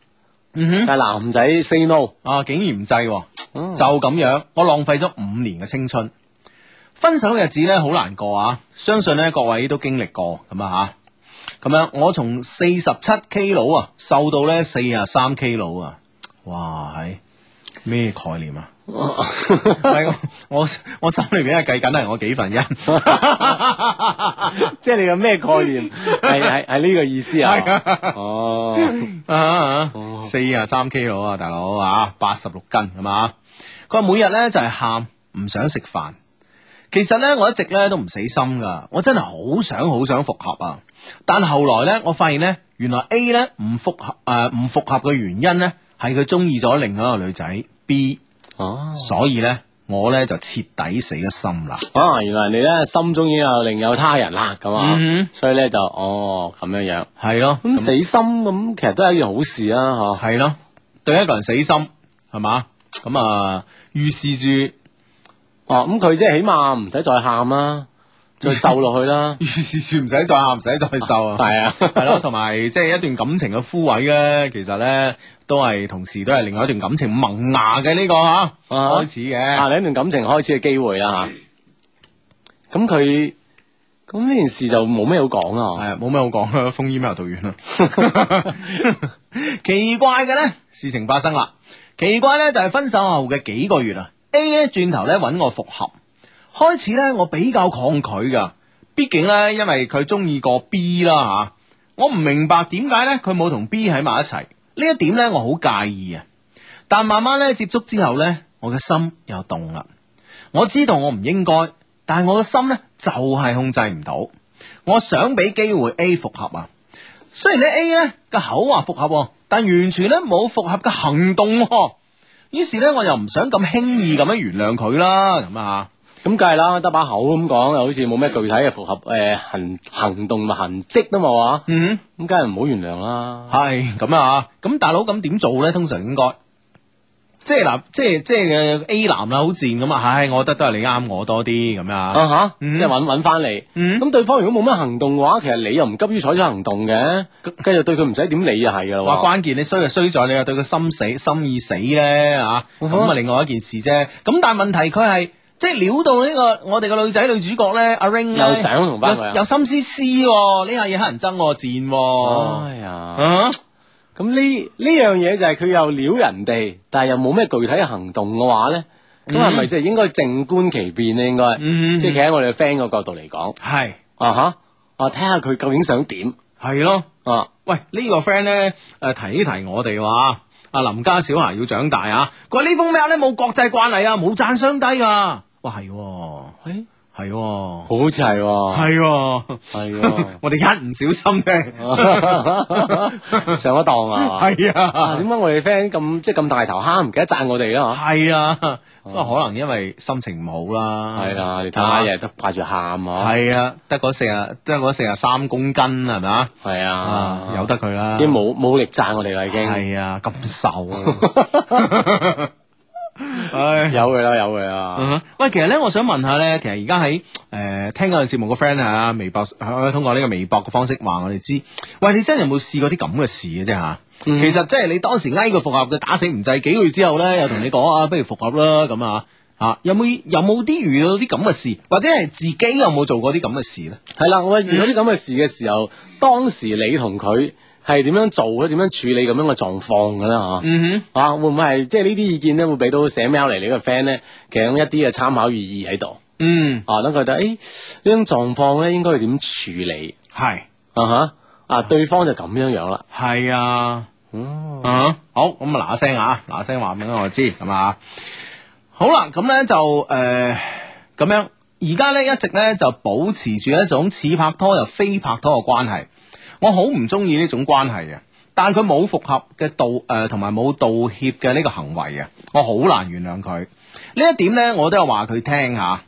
嗯哼，但係男仔 say no 啊，竟然唔制，啊，嗯、就咁樣，我浪費咗五年嘅青春。分手嘅日子咧，好難過啊！相信咧，各位都經歷過咁啊吓，咁樣我從四十七 K 佬啊，瘦到咧四十三 K 佬啊，哇係咩概念啊？ 我我，我心裏邊係計緊，都係我幾份啫，即係你個咩概念？係係係呢個意思啊？哦、 啊啊啊啊啊，四啊三 K 佬大佬吓、啊，八十六斤係嘛？佢話每日咧就係喊唔想食飯。其實咧我一直咧都唔死心噶，我真係好想好想複合啊！但後來咧，我發現咧，原來 A 咧唔複合誒唔、呃、複合嘅原因咧係佢中意咗另外一個女仔 B。哦，啊、所以咧，我咧就徹底死咗心啦。哦、啊，原來你咧心中已經有另有他人啦，咁啊，嗯、哼所以咧就哦咁樣樣，係咯的。咁、嗯、死心咁，其實都係一件好事啦、啊，吓。係咯，對一個人死心，係嘛？咁、呃、啊，預示住哦，咁佢即係起碼唔使再喊啦。再瘦落去啦，於是乎唔使再喊，唔使再瘦，係 啊，係咯、 啊，同埋即係一段感情嘅枯萎咧，其實咧都係同時都係另外一段感情萌芽嘅呢、這個吓、啊啊、開始嘅，另、啊、一段感情開始嘅機會啦。咁佢咁呢件事就冇咩好講 啊，係冇咩好講啊，風煙又道遠啦。 奇怪嘅咧，事情發生啦。奇怪咧就係分手後嘅幾個月啊，A 一轉頭咧揾我復合。開始咧，我比較抗拒噶，畢竟咧，因為佢中意過 B 啦吓，我唔明白點解咧，佢冇同 B 喺埋一齊呢一點咧，我好介意啊。但慢慢咧接觸之後咧，我嘅心又動啦。我知道我唔應該，但係我嘅心咧就係控制唔到。我想俾機會 A 復合啊，雖然咧 A 咧個口話復合，但完全咧冇復合嘅行動。於是咧，我又唔想咁輕易咁樣原諒佢啦咁啊。咁梗係啦，得把口咁講，又好似冇咩具體嘅符合誒、呃、行行動嘅痕跡都嘛，哇！嗯，咁梗係唔好原諒啦。係咁啊，咁大佬咁點做咧？通常應該即係嗱，即係即係嘅 A 男賤啊，好賤咁啊哈！唉，我覺得都係你啱我多啲咁啊，即係搵搵翻你。嗯、咁、嗯、對方如果冇乜行動嘅話，其實你又唔急於採取行動嘅，跟住對佢唔使點理就係啦、啊。話關鍵你衰就衰在你又對佢心死、心意死咧啊！咁啊哈，另外一件事啫。咁但係問題佢係。即係撩到呢、這個我哋個女仔女主角咧，阿 Ring 咧想同班有,有心思思喎、哦，呢下嘢乞人憎我賤喎，哦、哎呀，咁呢呢樣嘢就係佢又撩人哋，但係又冇咩具體行動嘅話咧，咁係咪即係應該靜觀其變咧？應該，嗯、即係企喺我哋嘅 friend 個角度嚟講，係是啊吓，啊睇下佢究竟想點，係咯的，啊喂，這個、呢個 friend 咧誒提一提我哋話，阿林家小孩要長大啊，佢話呢封咩咧冇國際慣例啊，冇讚相低噶。哇係，誒係，好似係，係，係，我哋一唔小心啫，上咗當啊，係啊，點解我哋 friend 咁即係咁大頭蝦唔記得讚我哋咧？係，不過可能因為心情唔好啦，係啦，你睇下日日都掛住喊，啊，係啊，得嗰四日得嗰四日三公斤係咪？係啊，由得佢啦，已經冇冇力讚我哋啦已經，係啊，咁瘦。啊。唉，有嘅啦，有嘅。啦。喂，其實咧，我想問下咧，其實而家喺誒聽嗰節目嘅 friend 啊，微博、啊、通過呢個微博嘅方式話我哋知，喂，你真係有冇試過啲咁嘅事嘅啫吓？Mm hmm. 其實即係你當時拉佢復合嘅，打死唔制，幾個月之後咧又同你講、啊，不如復合啦咁啊，吓有冇有冇啲遇到啲咁嘅事，或者係自己有冇做過啲咁嘅事咧？係啦、mm，我、hmm. 遇到啲咁嘅事嘅時候，當時你同佢。係點樣做咧？點樣處理咁樣嘅狀況嘅啦。吓、嗯哼，啊，會唔會係即係呢啲意見咧？會俾到寫 mail 嚟你個 friend 咧？其實一啲嘅參考意義喺度。嗯，啊都覺得，誒、欸，呢種狀況咧，應該要點處理？係啊是，吓，啊，對方就咁樣樣啦。係啊，嗯，啊，好，咁啊，嗱聲啊，嗱聲話俾我知，咁啊，好啦，咁咧就誒，咁、呃、樣，而家咧一直咧就保持住一種似拍拖又非拍拖嘅關係。我好唔中意呢種關係嘅，但佢冇復合嘅道誒，同埋冇道歉嘅呢個行為嘅，我好難原諒佢。呢一點呢，我都有話佢聽下。啊、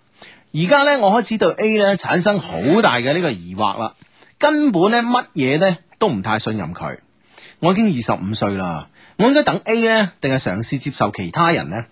而家呢，我開始對 A 呢產生好大嘅呢個疑惑啦，根本呢，乜嘢呢都唔太信任佢。我已經二十五歲啦，我應該等 A 呢定係嘗試接受其他人呢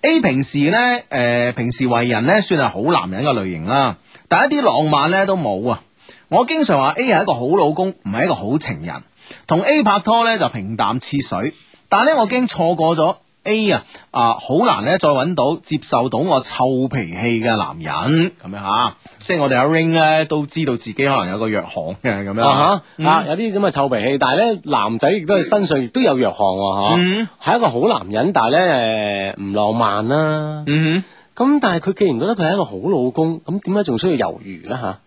？A 平時呢，誒、呃，平時為人呢，算係好男人嘅類型啦，但一啲浪漫呢，都冇啊。我經常話 A 係一個好老公，唔係一個好情人。同 A 拍拖呢，就平淡似水，但係呢我驚錯過咗 A 啊，啊好難呢，A，呃、難再搵到接受到我臭脾氣嘅男人咁樣吓、啊。即係我哋阿 Ring 呢，都知道自己可能有個弱項嘅咁樣吓、啊嗯啊，有啲咁嘅臭脾氣，但係呢，男仔亦都係身上亦都有弱項、啊，吓，係一個好男人，但係呢，誒唔浪漫啦、啊。咁、嗯、哼 但係佢既然覺得佢係一個好老公，咁點解仲需要猶豫呢？吓？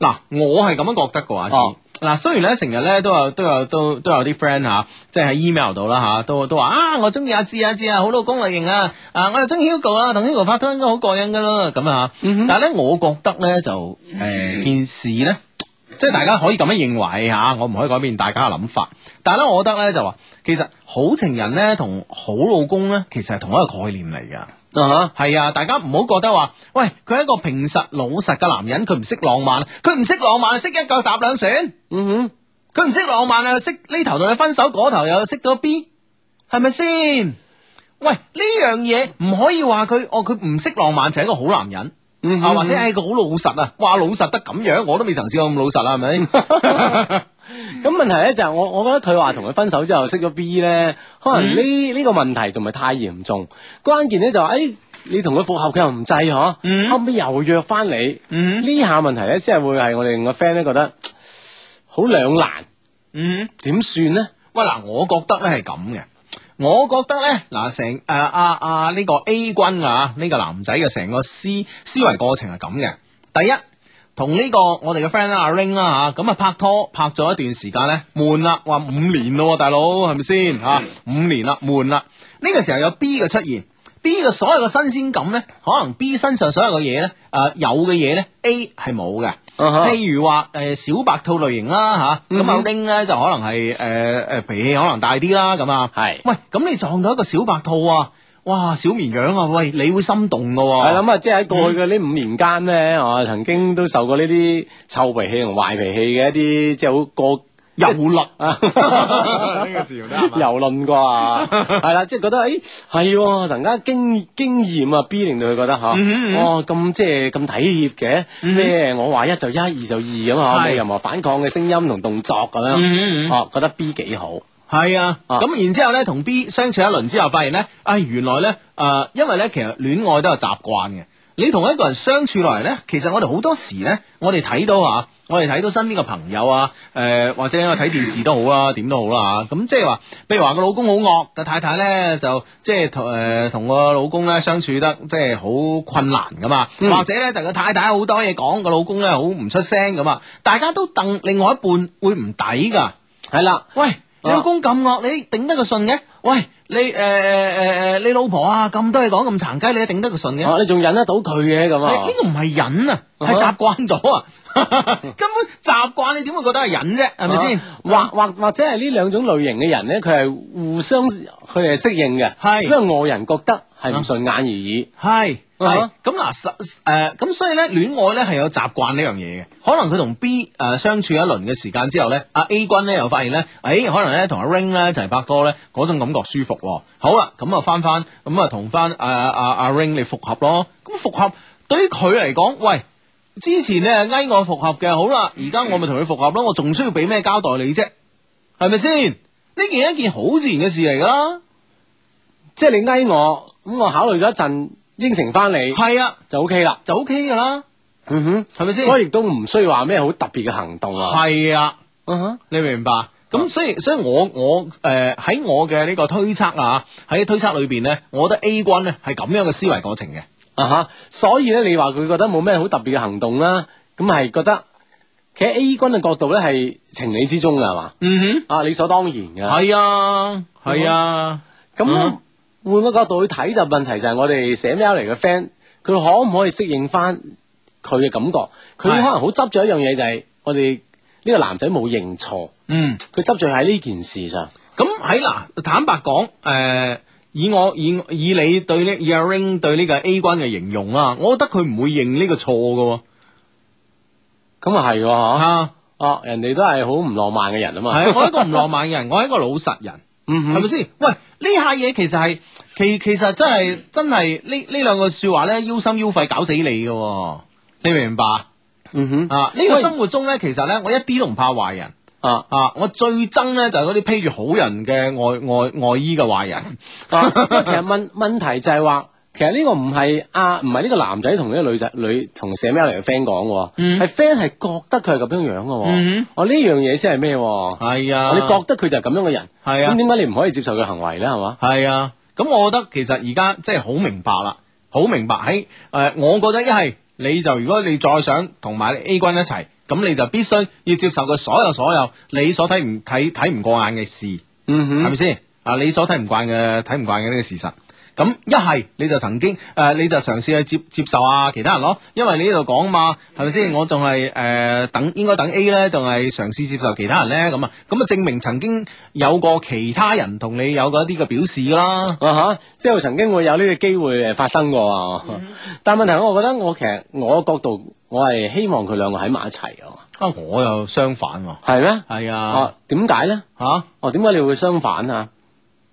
嗱，我係咁樣覺得噶，阿志，嗱，雖然咧成日咧都有都有都都有啲 friend 吓，即係喺 email 度啦吓，都都話啊，我中意阿阿志啊，好老公類型啊，我又中意 Hugo 啊，同 Hugo 拍拖應該好過癮噶咯，咁啊，但係咧我覺得咧就誒件事咧，即係大家可以咁樣認為吓，我唔可以改變大家嘅諗法，但係咧我覺得咧就話，其實好情人咧同好老公咧，其實係同一個概念嚟噶。係、uh huh，啊！大家唔好覺得話，喂，佢係一個平實老實嘅男人，佢唔識浪漫，佢唔識浪漫，識一腳踏兩船，嗯、mm、哼，佢唔識浪漫啊，識呢頭同你分手，嗰頭又識到 B，係咪先？喂，呢樣嘢唔可以話佢，哦，佢唔識浪漫就係、是、一個好男人，嗯、mm，hmm. uh huh. 或者係一個好老實啊，哇，老實得咁樣，我都未曾試過咁老實啊，係咪？ 咁問題咧就係、是、我我覺得佢話同佢分手之後識咗 B 咧，可能呢呢、這個問題仲唔係太嚴重，關鍵咧就係、是、誒、哎、你同佢復合，佢又唔制嗬，啊嗯、後尾又約翻你，呢、嗯、下問題咧先係會係我哋兩個 friend 咧覺得好兩難，點算咧？喂嗱、嗯哎，我覺得咧係咁嘅，我覺得咧嗱成誒阿阿呢、啊啊啊這個 A 君啊呢、這個男仔嘅成個思、嗯、思維過程係咁嘅，第一。同呢、這個我哋嘅 friend 阿 Ring 啦吓，咁啊拍拖拍咗一段時間呢。悶啦，話五年咯、啊，大佬係咪先吓？五年啦，悶啦。呢、這個時候有 B 嘅出現，B 嘅所有嘅新鮮感呢，可能 B 身上所有嘅嘢呢，誒、呃、有嘅嘢呢 A 係冇嘅。Uh huh. 譬如話誒、呃、小白兔類型啦、啊、吓，咁阿 Ring 呢，就可能係誒誒脾氣可能大啲啦咁啊。係、啊，是喂，咁你撞到一個小白兔啊？哇，小綿羊啊！喂，你會心動噶？係啦，咁啊，即係喺過去嘅呢五年間咧，啊，曾經都受過呢啲臭脾氣同壞脾氣嘅一啲，即係好過游論啊，呢個詞用得嘛？游論啩，係啦，即係覺得誒，係，突然間經經驗 B 令到佢覺得嗬，哇，咁即係咁體貼嘅，咩我話一就一，二就二咁嗬，冇任何反抗嘅聲音同動作咁樣，哦，覺得 B 幾好。係啊，咁、啊、然之後咧，同 B 相處一輪之後，發現咧，哎，原來咧，誒、呃，因為咧，其實戀愛都有習慣嘅。你同一個人相處落嚟咧，其實我哋好多時咧，我哋睇到啊，我哋睇到身邊嘅朋友誒、啊呃，或者我睇電視都好啊，點都好啦、啊、吓。咁即係話，譬、嗯嗯嗯、如話個老公好惡，個太太咧就即係誒，同、呃、個老公咧相處得即係好困難噶嘛。或者咧，就個太太好多嘢講，個老公咧好唔出聲咁啊。大家都戥另外一半會唔抵噶，係啦、嗯，喂。喂啊、你老公咁惡，你頂得個順嘅？喂，你誒誒誒你老婆啊咁多嘢講咁殘雞，你頂得個順嘅？哦、啊，你仲忍得到佢嘅咁？呢、哎呢個唔係忍啊，係習慣咗啊， 根本習慣，你點會覺得係忍啫？係咪先？或或或者係呢兩種類型嘅人咧，佢係互相，佢係適應嘅，係是，只係外人覺得係唔順眼而已，係、啊。係咁嗱，誒，咁 ide、嗯、所以咧，戀愛咧係有習慣呢樣嘢嘅。可能佢同 B 誒相處一輪嘅時間之後咧，阿 A 君咧又發現咧，誒、哎，可能咧同阿 Ring 咧就係拍拖咧，嗰種感覺舒服。好啦，咁啊，翻翻咁啊，同翻阿阿阿 Ring 你復合咯。咁復合對於佢嚟講，喂，之前咧嗌我復合嘅，好啦，而家我咪同佢復合咯，我仲需要俾咩交代你啫？係咪先？呢件 一件好自然嘅事嚟㗎啦，即係你嗌我，咁我考慮咗一陣。應承翻你係、啊、就 O、OK、K、OK、啦，就 O K 噶啦，嗯哼，係咪先？所以亦都唔需要話咩好特別嘅行動啊。係啊，嗯哼，你明唔明白？咁、嗯、所以，所以我我誒喺、呃、我嘅呢個推測啊，喺推測裏邊咧，我覺得 A 君咧係咁樣嘅思維過程嘅，啊哈。所以咧，你話佢覺得冇咩好特別嘅行動啦，咁係覺得企喺 A 君嘅角度咧，係情理之中噶係嘛？嗯哼，啊理所當然嘅。係啊，係啊，咁。換個角度去睇就問題就係我哋寫 mail 嚟嘅 friend，佢可唔可以適應翻佢嘅感覺？佢可能好執着一樣嘢就係我哋呢個男仔冇認錯。嗯，佢執着喺呢件事上。咁喺嗱，坦白講，誒、呃，以我以以你對呢阿 Ring 對呢個 A 君嘅形容啊，我覺得佢唔會認呢個錯噶。咁啊係吓啊，人哋都係好唔浪漫嘅人啊嘛。係， 我係一個唔浪漫嘅人，我係一個老實人。嗯嗯，係咪先？喂，呢下嘢其實係。其其實真係真係呢呢兩個說話咧，腰心腰肺搞死你嘅，哦，你明唔明白，啊？嗯哼，啊呢個因為 生活中咧，其實咧，我一啲都唔怕壞人啊、uh, 啊！我最憎咧就係嗰啲披住好人嘅外外外衣嘅壞人。啊， 其實問問題就係話，其實呢個唔係阿唔係呢個男仔同呢個女仔女同佘咩嚟嘅 friend 講嘅，嗯，係 friend 係覺得佢係咁樣樣嘅，嗯哼，哦，呢樣嘢先係咩？係啊，你覺得佢就係咁樣嘅人，係啊，咁點解你唔可以接受佢行為咧？係嘛對呀，係啊。咁我覺得其實而家即係好明白啦，好明白喺誒、呃，我覺得一係你就如果你再想同埋 A 君一齊，咁你就必須要接受佢所有所有你所睇唔睇睇唔過眼嘅事，嗯哼，係咪先啊？你所睇唔慣嘅睇唔慣嘅呢個事實。咁一係你就曾經誒、呃，你就嘗試去接接受啊其他人咯，因為你呢度講嘛，係咪先？我仲係誒等應該等 A 呢，仲係嘗試接受其他人呢。咁啊，咁啊證明曾經有過其他人同你有過一啲嘅表示啦，啊即係、啊、曾經會有呢個機會誒發生過。但問題我覺得我其實我角度我係希望佢兩個喺埋一齊嘅。啊，我又相反喎。係咩？係啊。哦嗎，點解、啊啊、呢？嚇、啊！哦、啊，點解你會相反啊？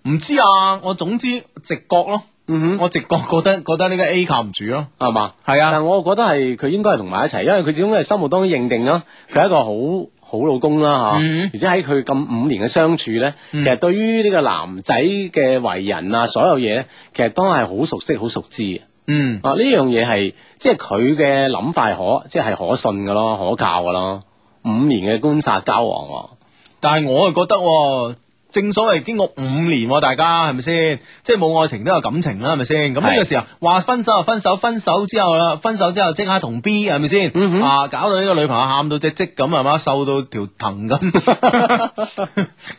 唔知啊，我總之直覺咯，嗯哼，我直覺覺得覺得呢個 A 靠唔住咯，係嘛，係啊，但係我覺得係佢應該係同埋一齊，因為佢始終係心目當中認定啦，佢係一個好好老公啦吓，嗯哼，而且喺佢咁五年嘅相處咧，嗯哼，其實對於呢個男仔嘅為人啊，所有嘢，其實都係好熟悉、好熟知嘅，嗯，啊呢樣嘢係即係佢嘅諗法可，即係可信噶咯，可靠噶咯，五年嘅觀察交往，但係我係覺得。正所謂經過五年、啊，大家係咪先？即係冇愛情都有感情啦、啊，係咪先？咁呢個時候話分手就分手，分手之後啦，分手之後即刻同 B 係咪先？嗯、哼啊，搞到呢個女朋友喊到隻積咁，係咪瘦到條藤咁。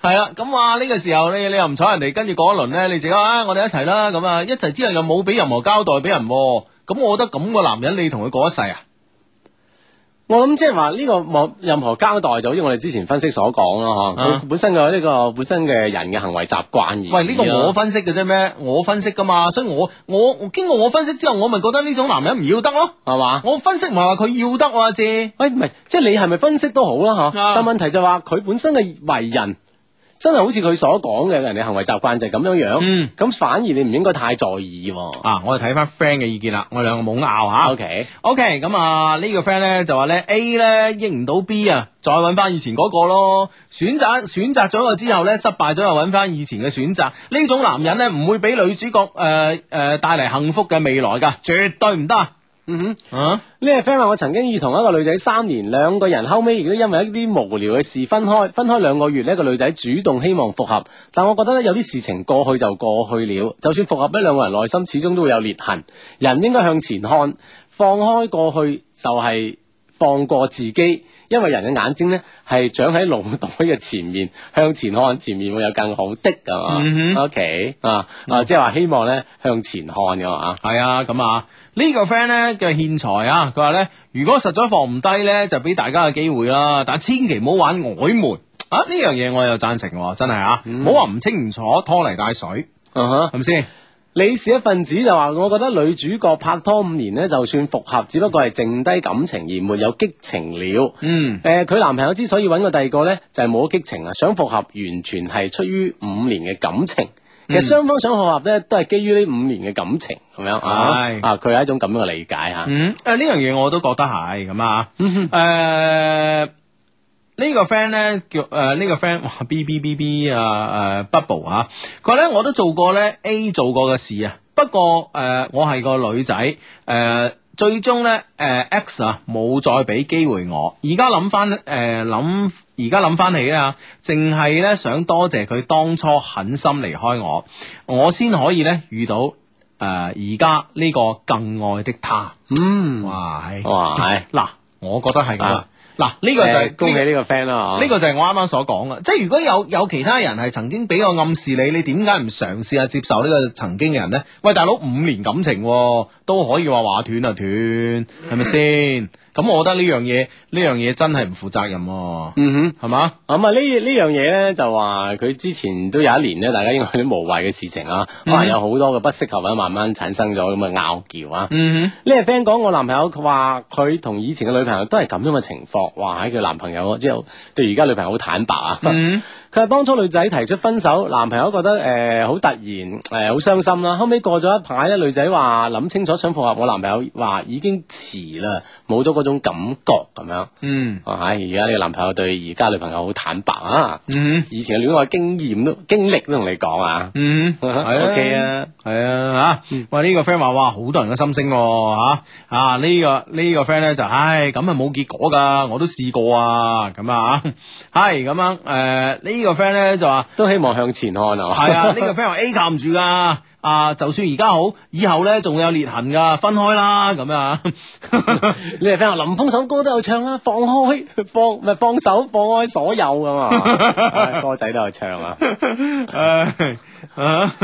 係 啦、 啊，咁話呢個時候你你又唔睬人哋，跟住過一輪咧，你自己啊、哎，我哋一齊啦，咁啊一齊之後又冇俾任何交代俾人、啊，咁我覺得咁個男人你同佢過一世啊？我諗即係話呢個冇任何交代，就好似我哋之前分析所講咯，吓佢本身嘅呢個本身嘅人嘅行為習慣而、啊。喂，呢、這個我分析嘅啫咩？我分析噶嘛，所以我我經過我分析之後，我咪覺得呢種男人唔要得咯，係嘛吧？我分析唔係話佢要得啊，姐、哎。喂，唔係，即係你係咪分析都好啦、啊，吓、啊？但問題就係話佢本身嘅為人。真係好似佢所講嘅，人哋行為習慣就係咁樣樣，咁、嗯、反而你唔應該太在意喎。啊，我哋睇翻 friend 嘅意見啦，我哋兩個冇拗嚇。O K O K，咁啊呢個 friend 呢就話呢 A 呢應唔到 B 啊，再揾翻以前嗰個咯。選擇選擇咗個之後呢，失敗咗又揾翻以前嘅選擇，呢種男人呢唔會俾女主角誒誒、呃呃、帶嚟幸福嘅未來㗎，絕對唔得。嗯哼，呢、啊、個 friend 話我曾經同一個女仔三年，兩個人後尾亦都因為一啲無聊嘅事分開，分開兩個月，呢個女仔主動希望復合，但我覺得呢有啲事情過去就過去了，就算復合呢兩個人內心始終都會有裂痕，人應該向前看，放開過去就係放過自己。因為人嘅眼睛呢係長喺腦袋嘅前面，向前看，前面會有更好的，嗯、哼 okay，啊。O K 啊啊，即係話希望呢向前看嘅啊。係啊，咁啊呢個 friend 呢嘅獻財啊，佢、這、話、個啊、呢，如果實在放唔低呢，就俾大家嘅機會啦。但千祈唔好玩曖昧啊！呢樣嘢我有贊成嘅、啊，真係啊，唔好話唔清唔楚，拖泥帶水，係咪先？你是一份子就話，我覺得女主角拍拖五年呢，就算復合，只不過係剩低感情而沒有激情了。嗯，誒、呃，佢男朋友之所以揾個第二個呢，就係、是、冇激情啊，想復合完全係出於五年嘅感情。嗯，其實雙方想復合呢，都係基於呢五年嘅感情咁樣。唉，佢係、啊、一種咁樣嘅理解吓。嗯，呢樣嘢我都覺得係咁啊。誒、 呃。個呢個 friend 咧叫誒，呢個 friend 哇，B B B B 啊誒，Bubble 吓，佢咧我都做過咧 A 做過嘅事啊，不過誒、uh, 我係個女仔誒，uh, 最終咧誒、uh, X 啊冇再俾機會我，而家諗翻誒諗而家諗翻起啊，淨係咧想多謝佢當初狠心離開我，我先可以咧遇到誒而家呢個更愛的他，嗯，pudding 哇係哇係，嗱我覺得係咁啊。嘞嗱，呢、這個就係、是欸，恭喜呢個 friend 啦，呢個就係我啱啱所講嘅，即係如果有有其他人係曾經俾我暗示你，你點解唔嘗試下接受呢個曾經嘅人呢？喂，大佬，五年感情，哦，都可以話話斷就斷，係咪先？是咁我覺得呢樣嘢呢樣嘢真係唔負責任，啊，嗯哼，係嘛吧？咁啊，嗯、呢呢樣嘢咧就話佢之前都有一年咧，大家應該啲無謂嘅事情啊，可，嗯、哼有好多嘅不適合，啊，慢慢產生咗咁嘅拗撬啊，嗯哼。呢個 friend 講，我男朋友佢話佢同以前嘅女朋友都係咁樣嘅情況，話，喺佢男朋友之後，就是、對而家女朋友好坦白啊，嗯。佢係當初女仔提出分手，男朋友覺得誒好突然，誒好傷心啦。後尾過咗一排咧，女仔話諗清楚想復合，我男朋友話已經遲啦，冇咗嗰種感覺咁樣。嗯，啊，而家呢個男朋友對而家女朋友好坦白啊。嗯，以前嘅戀愛經驗都經歷都同你講啊。嗯，係啊，係啊，吓，哇呢個 friend 話哇好多人嘅心聲吓啊，呢個呢個 friend 咧就唉咁啊冇結果噶，我都試過啊咁啊吓，係咁樣誒呢。呢個 friend 咧就話都希望向前看啊！係啊， 呢、這個 friend 話 A 靠唔住噶啊，就算而家好，以後咧仲有裂痕噶，分開啦咁啊！呢個 friend 話林峯首歌都有唱啦，放開放唔係放手放開所有咁啊！ 歌仔都有唱啊！誒、 uh。啊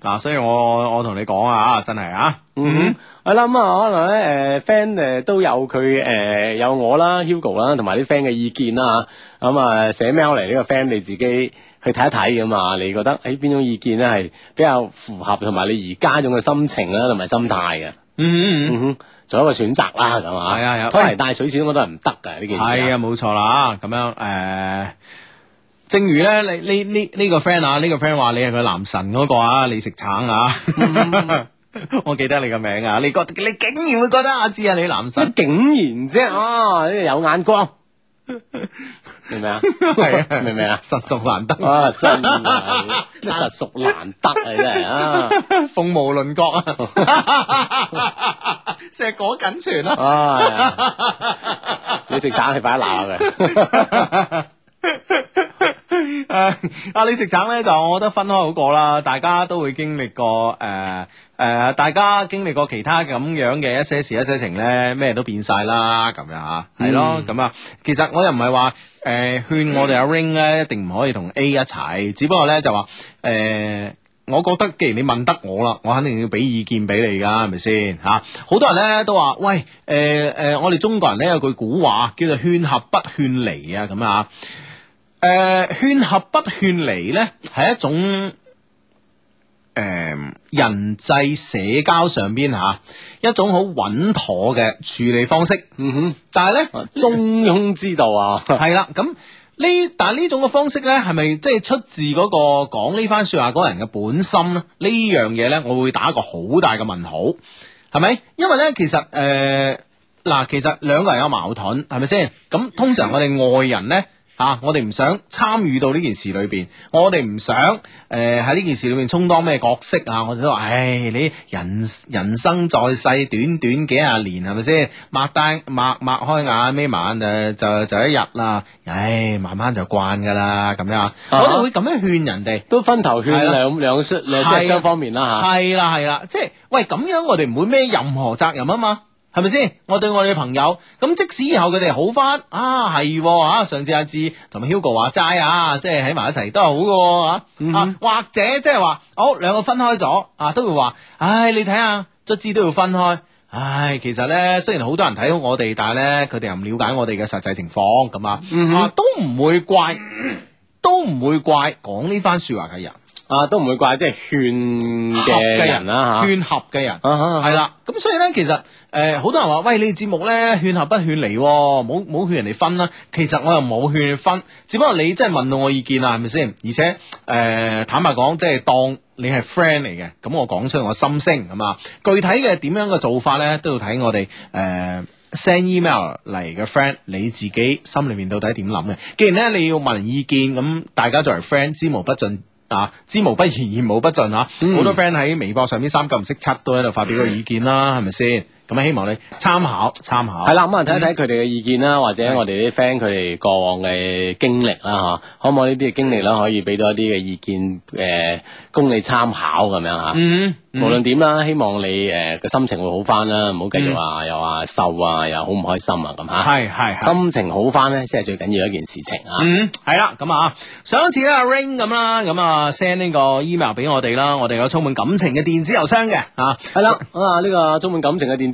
嗱， 所以我我同你講啊，真係啊，嗯、mm，我諗啊，可能咧，誒，friend 誒都有佢誒有我啦，Hugo 啦，同埋啲 friend 嘅意見啦，咁啊寫 mail 嚟呢個 friend 你自己去睇一睇咁啊，你覺得誒邊種意見咧係比較符合同埋你而家一種嘅心情啦，同埋心態嘅，嗯、right，嗯，做一個選擇啦，係啊係啊，拖泥帶水始終都係唔得噶呢件事，係啊，冇錯啦，咁樣誒。正如咧，你呢呢呢個 friend 啊，呢、這個 friend 話你係佢男神嗰個啊，你食橙啊， 我記得你個名啊，你覺你竟然會覺得阿知啊你男神你竟然啫、啊，哦、啊，有眼光，明唔明 啊？係 明唔明嗎 啊？實屬難得啊，真啊，實屬難得啊，真 係啊，鳳毛麟角啊，碩果僅存啊，你食橙，你快啲鬧佢。誒，阿 invece 李、uh, 食橙咧，就、我覺得分開好過啦。大家都會經歷過誒誒、呃呃，大家經歷過其他咁樣嘅一些事、一些情咧，咩都變晒、嗯、啦，咁樣吓，係咯咁啊。其實我又唔係話誒勸我哋阿 Ring 咧，一定唔可以同 A 一齊。只不過咧就話誒，我覺得既然你問得我啦，我肯定要俾意見俾你噶，係咪先吓？好多人咧都話，喂誒誒，我哋中國人咧有句古話叫做勸合不勸離啊，咁啊。誒、呃，勸合不勸離呢，係一種誒、呃、人際社交上邊吓、啊、一種好穩妥嘅處理方式。嗯哼，但係呢， 中庸之道啊，係 啦。咁呢，但係呢種嘅方式呢，係咪即係出自嗰、嗰個講呢番說話嗰人嘅本心咧？呢樣嘢呢，我會打一個好大嘅問號，係咪？因為呢，其實誒嗱、呃，其實兩個人有矛盾，係咪先？咁通常我哋外人呢。 啊！ 我哋唔想參與到呢件事裏邊，我哋唔想誒喺呢件事裏面充當咩角色啊！我哋都話，唉，你人人生在世短短，短幾廿年係咪先？擘大擘擘開眼眯晚誒，就就一日啦。唉，慢慢就慣噶啦咁樣。我哋會咁樣勸人哋，啊、都分頭勸兩兩雙兩,兩雙方面啦嚇。係啦係啦，即係喂咁樣，我哋唔會孭任何責任啊嘛。係咪先？我對我哋嘅朋友咁，即使以後佢哋好翻，啊係吓，上次阿志同埋 Hugo 話齋啊，即係喺埋一齊都係好嘅啊，或者即係話好兩個分開咗啊，都會話，唉、哎，你睇下，卒之都要分開，唉、哎，其實咧雖然好多人睇好我哋，但係咧佢哋又唔了解我哋嘅實際情況，咁啊、嗯、都唔會怪，都唔會怪講呢番說話嘅人。啊，都唔會怪，即係勸嘅人啦吓，勸合嘅人係啦。咁所以呢，其實誒、好、呃、多人話，喂，你節目呢，勸合不勸離、哦？唔冇唔勸人哋分啦、啊。其實我又冇勸分，只不過你真係問到我意見啦，係咪先？而且誒、呃，坦白講，即係當你係 friend 嚟嘅，咁我講出我心聲咁啊。具體嘅點樣嘅做法呢，都要睇我哋誒、呃、send email 嚟嘅 friend，你自己心裏面到底點諗嘅？既然呢，你要問意見，咁大家作為 friend，知無不盡。.啊，知無不言，言無不盡嚇、啊，好、嗯、多 friend 喺微博上邊三級唔識七都喺度發表個意見啦，係咪先？咁希望你參考參考，係啦，咁啊睇一睇佢哋嘅意見啦，或者我哋啲 friend 佢哋過往嘅經歷啦，嚇，可唔可以呢啲嘅經歷啦，可以俾到一啲嘅意見，誒、呃，供你參考咁樣嚇。嗯，無論點啦，希望你誒嘅心情會好翻啦，唔好繼續話、啊嗯、又話瘦啊，又好唔開心啊，咁嚇。係係、嗯，嗯、心情好翻咧，先係最緊要一件事情、嗯、啊。嗯，係啦，咁啊，上一次咧阿 Ring 咁啦，咁啊 send 呢個 email 俾我哋啦，我哋有充滿感情嘅電子郵箱嘅啊，係啦，咁 啊呢、呢個充滿感情嘅電。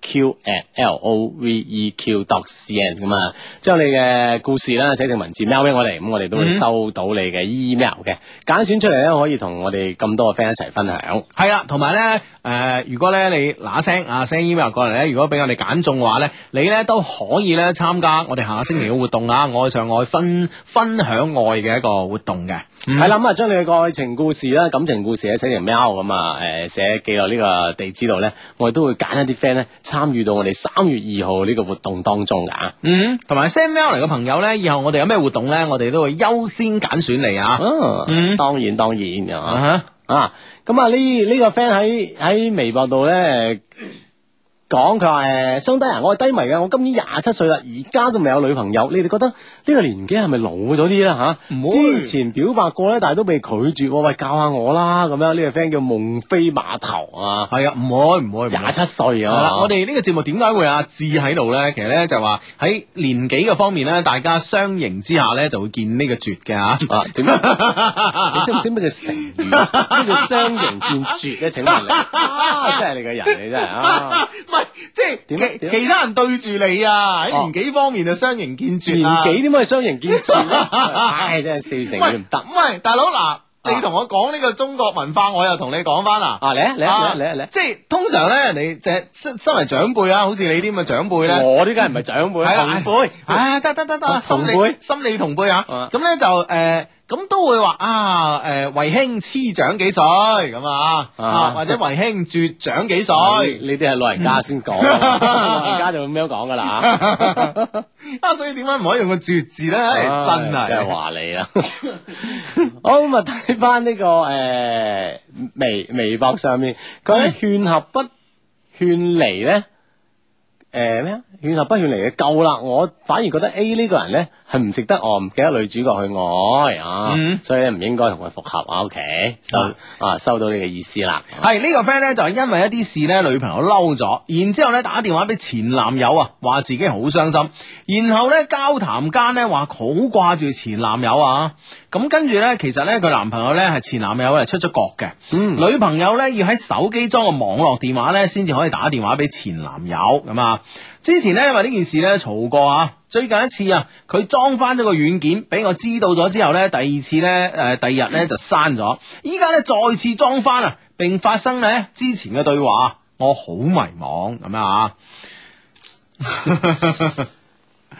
q a l o v e q dot c n 咁啊，將你嘅故事啦寫成文字 mail 俾我哋，咁我哋都會收到你嘅 email 嘅、嗯，揀選出嚟咧可以同我哋咁多個 friend 一齊分享。係啦，同埋咧誒，如果咧你嗱一聲啊 send email 過嚟咧，如果俾我哋揀中嘅話咧，你咧都可以咧參加我哋下個星期嘅活動啊，愛上愛分分享愛嘅一個活動嘅。係啦、嗯，咁啊將你嘅愛情故事啦、感情故事咧寫成 mail 咁、呃、啊，誒寫寄落呢個地址度咧，我哋都會揀一啲 friend 咧。參與到我哋三月二號呢個活動當中噶，嗯、mm，同埋 send mail 嚟嘅朋友咧，以後我哋有咩活動咧，我哋都會優先揀選你啊，嗯、mm hmm. 哦，當然當然㗎嘛，啊，咁、uh huh. 啊呢呢、啊呢個 friend 喺喺微博度咧。講佢話誒，雙低人，我係低迷嘅，我今年廿七歲啦，而家都未有女朋友。你哋覺得呢個年紀係咪老咗啲啦吓？會之前表白過咧，但係都未拒絕。喂，教下我啦咁樣。呢、這個 friend 叫夢飛碼頭啊，係啊，唔好，唔好，廿七歲啊。哦、啊我哋呢個節目點解會有阿智喺度咧？其實咧就話、是、喺年紀嘅方面咧，大家相形之下咧就會見呢個絕嘅吓。點啊？嗯嗯嗯嗯、你識唔識咩叫成語？咩叫相形見絀咧？請問你， 你真係你嘅人，你真係啊！即係其其他人對住你啊，喺年紀方面就相形見絀。年紀點解係相形見絀？唉，真係笑成，唔得。喂，大佬嗱，你同我講呢個中國文化，我又同你講翻啦啊。你啊你啊你啊你你！即係通常咧，你即係身身為長輩啊，好似你啲咁嘅長輩咧，我呢家唔係長輩，同輩。啊，得得得得，同輩，心理同輩啊。咁咧就誒。咁都會話啊誒，為兄痴長幾歲咁啊，啊或者為兄絕長幾歲？呢啲係老人家先講，而家、嗯、 就咁樣講噶啦啊，所以點解唔可以用個絕字咧？真啊，真係話你啊。就是、 好，咁啊、這個，睇翻呢個誒微微博上面佢喺「啊、勸合不勸離」咧。誒咩啊？勸合、呃、不勸嚟嘅夠啦！我反而覺得 A 呢個人呢，係唔值得我唔、哦、記得女主角去愛啊，嗯、所以唔應該同佢復合啊。O、OK? K 收、嗯、啊，收到你嘅意思啦。係呢、嗯這個 friend 呢，就係、是、因為一啲事呢，女朋友嬲咗，然之後咧打電話俾前男友啊，話自己好傷心，然後呢，交談間呢，話好掛住前男友啊。咁跟住呢，其實呢，佢男朋友呢係前男友嚟，出咗國嘅，嗯、女朋友呢要喺手機裝個網絡電話呢，先至可以打電話俾前男友。咁啊，之前呢，因為呢件事呢嘈過啊，最近一次啊，佢裝翻咗個軟件俾我知道咗之後呢，第二次呢，誒、呃，第二日呢就刪咗，依家，呢，再次裝翻啊，並發生呢之前嘅對話，我好迷茫咁啊。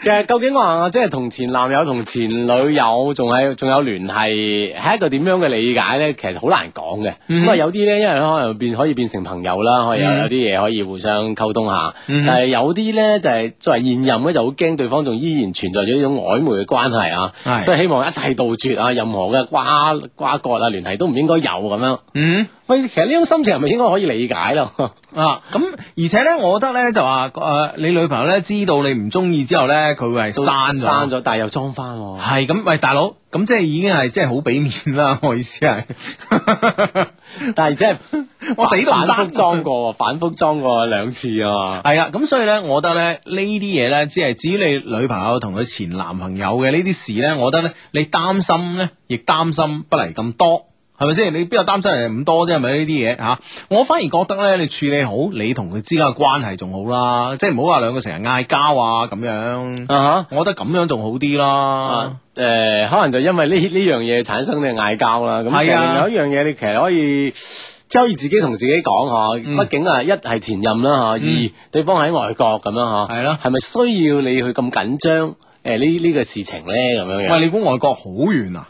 其實究竟，話即係同前男友同前女友仲係仲有聯繫，係一個點樣嘅理解呢？其實好難講嘅。咁啊、mm，有啲呢，因為可能變可以變成朋友啦，可以有啲嘢、mm hmm. 可以互相溝通下。但係有啲呢，就係作為現任呢，就好驚對方仲依然存在咗呢種曖昧嘅關係啊。Mm hmm. 所以希望一切杜絕啊，任何嘅瓜瓜葛啊、聯繫都唔應該有咁樣。嗯、mm。Hmm. 喂，其實呢種心情係咪應該可以理解咯？ 啊，咁而且咧，我覺得咧就話，誒、呃，你女朋友咧知道你唔中意之後咧，佢會係刪咗，刪咗，但係又裝翻。係咁，喂，大佬，咁即係已經係即係好俾面啦，我意思係， 但係即係我死都反復裝過，反復裝過兩次啊。係啊，咁所以咧，我覺得咧呢啲嘢咧，即係至於你女朋友同佢前男朋友嘅呢啲事咧，我覺得咧，你擔心咧，亦擔心不嚟咁多。係咪先？你邊有擔心人咁多啫？係咪呢啲嘢嚇？我反而覺得咧，你處理好你同佢之間嘅關係仲好啦，即係唔好話兩個成日嗌交啊咁樣。啊吓，uh huh. 我覺得咁樣仲好啲啦，uh。誒，huh. 呃，可能因，uh huh. 就因為呢呢樣嘢產生啲嗌交啦。咁係啊，有一樣嘢你其實可以即係可以自己同自己講吓。畢竟，嗯嗯、啊，一係前任啦吓，二、hey、對方喺外國咁樣吓。係咯。係咪需要你去咁緊張？誒，呢呢個事情咧咁樣嘅。喂，你估外國好遠啊？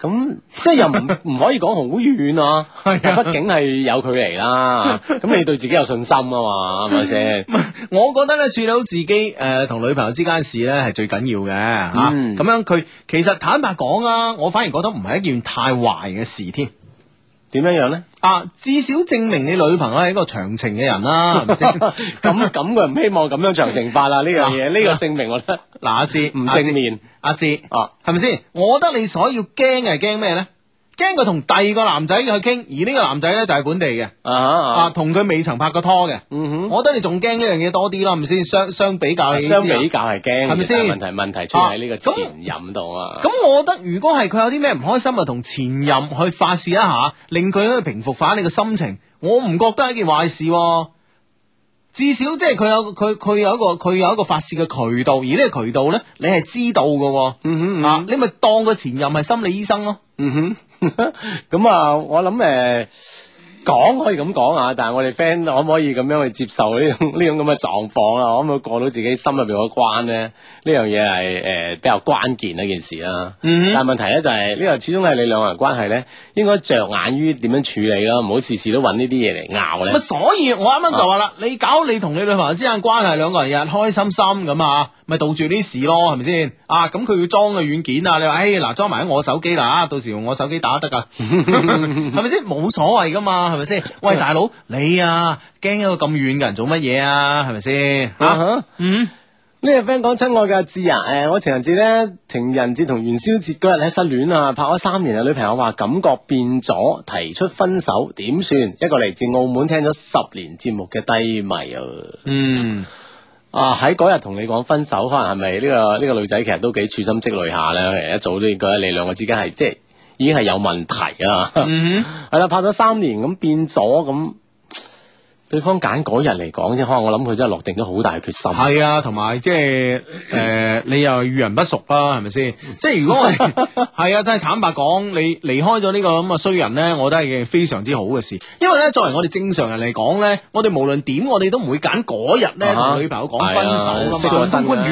咁即係又唔唔 可以講好遠啊，畢 竟係有距離啦。咁 你對自己有信心啊嘛，係咪先？ 我覺得咧，處理好自己誒同、呃、女朋友之間事咧係最緊要嘅吓。咁、嗯啊、樣佢其實坦白講啊，我反而覺得唔係一件太壞嘅事添。點樣樣咧？啊，至少證明你女朋友係一個長情嘅人啦。咁咁佢唔希望咁樣長情法啦。呢樣嘢，呢個證明 我 mission。得。嗱，阿志唔正面，阿志哦，係咪先？我覺得你所要驚嘅係驚咩咧？驚佢同第二個男仔去傾，而呢個男仔呢就係本地嘅，啊，同佢未曾拍過拖嘅，嗯、哼我覺得你仲驚呢樣嘢多啲咯，係咪先相相比較，相比較係驚，係咪先？問題問題出喺呢個前任度啊！咁、啊、我覺得如果係佢有啲咩唔開心，啊，同前任去發洩一下，令佢可以平復翻你嘅心情，我唔覺得係一件壞事、啊。至少即係佢有佢佢有一個佢有一個發洩嘅渠道，而呢個渠道咧，你係知道嘅、啊嗯。嗯哼，啊，你咪當個前任係心理醫生咯、啊。嗯哼，咁 啊，我諗誒。呃講可以咁講啊，但係我哋 friend 可唔可以咁樣去接受呢？呢種咁嘅狀況啊，可唔可以過到自己心入邊嗰關咧？呢樣嘢係誒比較關鍵一件事啦。嗯、但係問題咧就係呢個始終係你兩個人關係咧，應該着眼於點樣處理咯，唔好事事都揾呢啲嘢嚟拗咧。所以我啱啱就話啦，啊、你搞你同你女朋友之間關係，兩個人日日開心心咁啊，咪杜住啲事咯，係咪先啊？咁佢要裝個軟件啊，你話誒嗱，裝埋喺我手機啦，到時用我手機打得噶，係咪先？冇所謂噶嘛。係咪先？喂，大佬，你啊，驚一個咁遠嘅人做乜嘢啊？係咪先？啊、嗯，呢個 friend 講，親愛嘅阿志啊，誒，我情人節咧，情人節同元宵節嗰日喺失戀啊，拍咗三年嘅女朋友話感覺變咗，提出分手，點算？一個嚟自澳門聽咗十年節目嘅低迷。嗯，啊，喺嗰日同你講分手，可能係咪呢個呢、呢個女仔其實都幾處心積慮下咧？其實一早都覺得你兩個之間係即係。已經係有問題啊！係啦、mm hmm.，拍咗三年咁變咗咁，對方揀嗰日嚟講啫，可能我諗佢真係落定咗好大決心。係啊，同埋即係誒，你又遇人不淑啊，係咪先？ 即係如果係啊，真係坦白講，你離開咗呢個咁嘅衰人咧，我覺得係非常之好嘅事。因為咧，作為我哋正常人嚟講咧，我哋無論點，我哋都唔會揀嗰日咧同女朋友講分手咁嘅。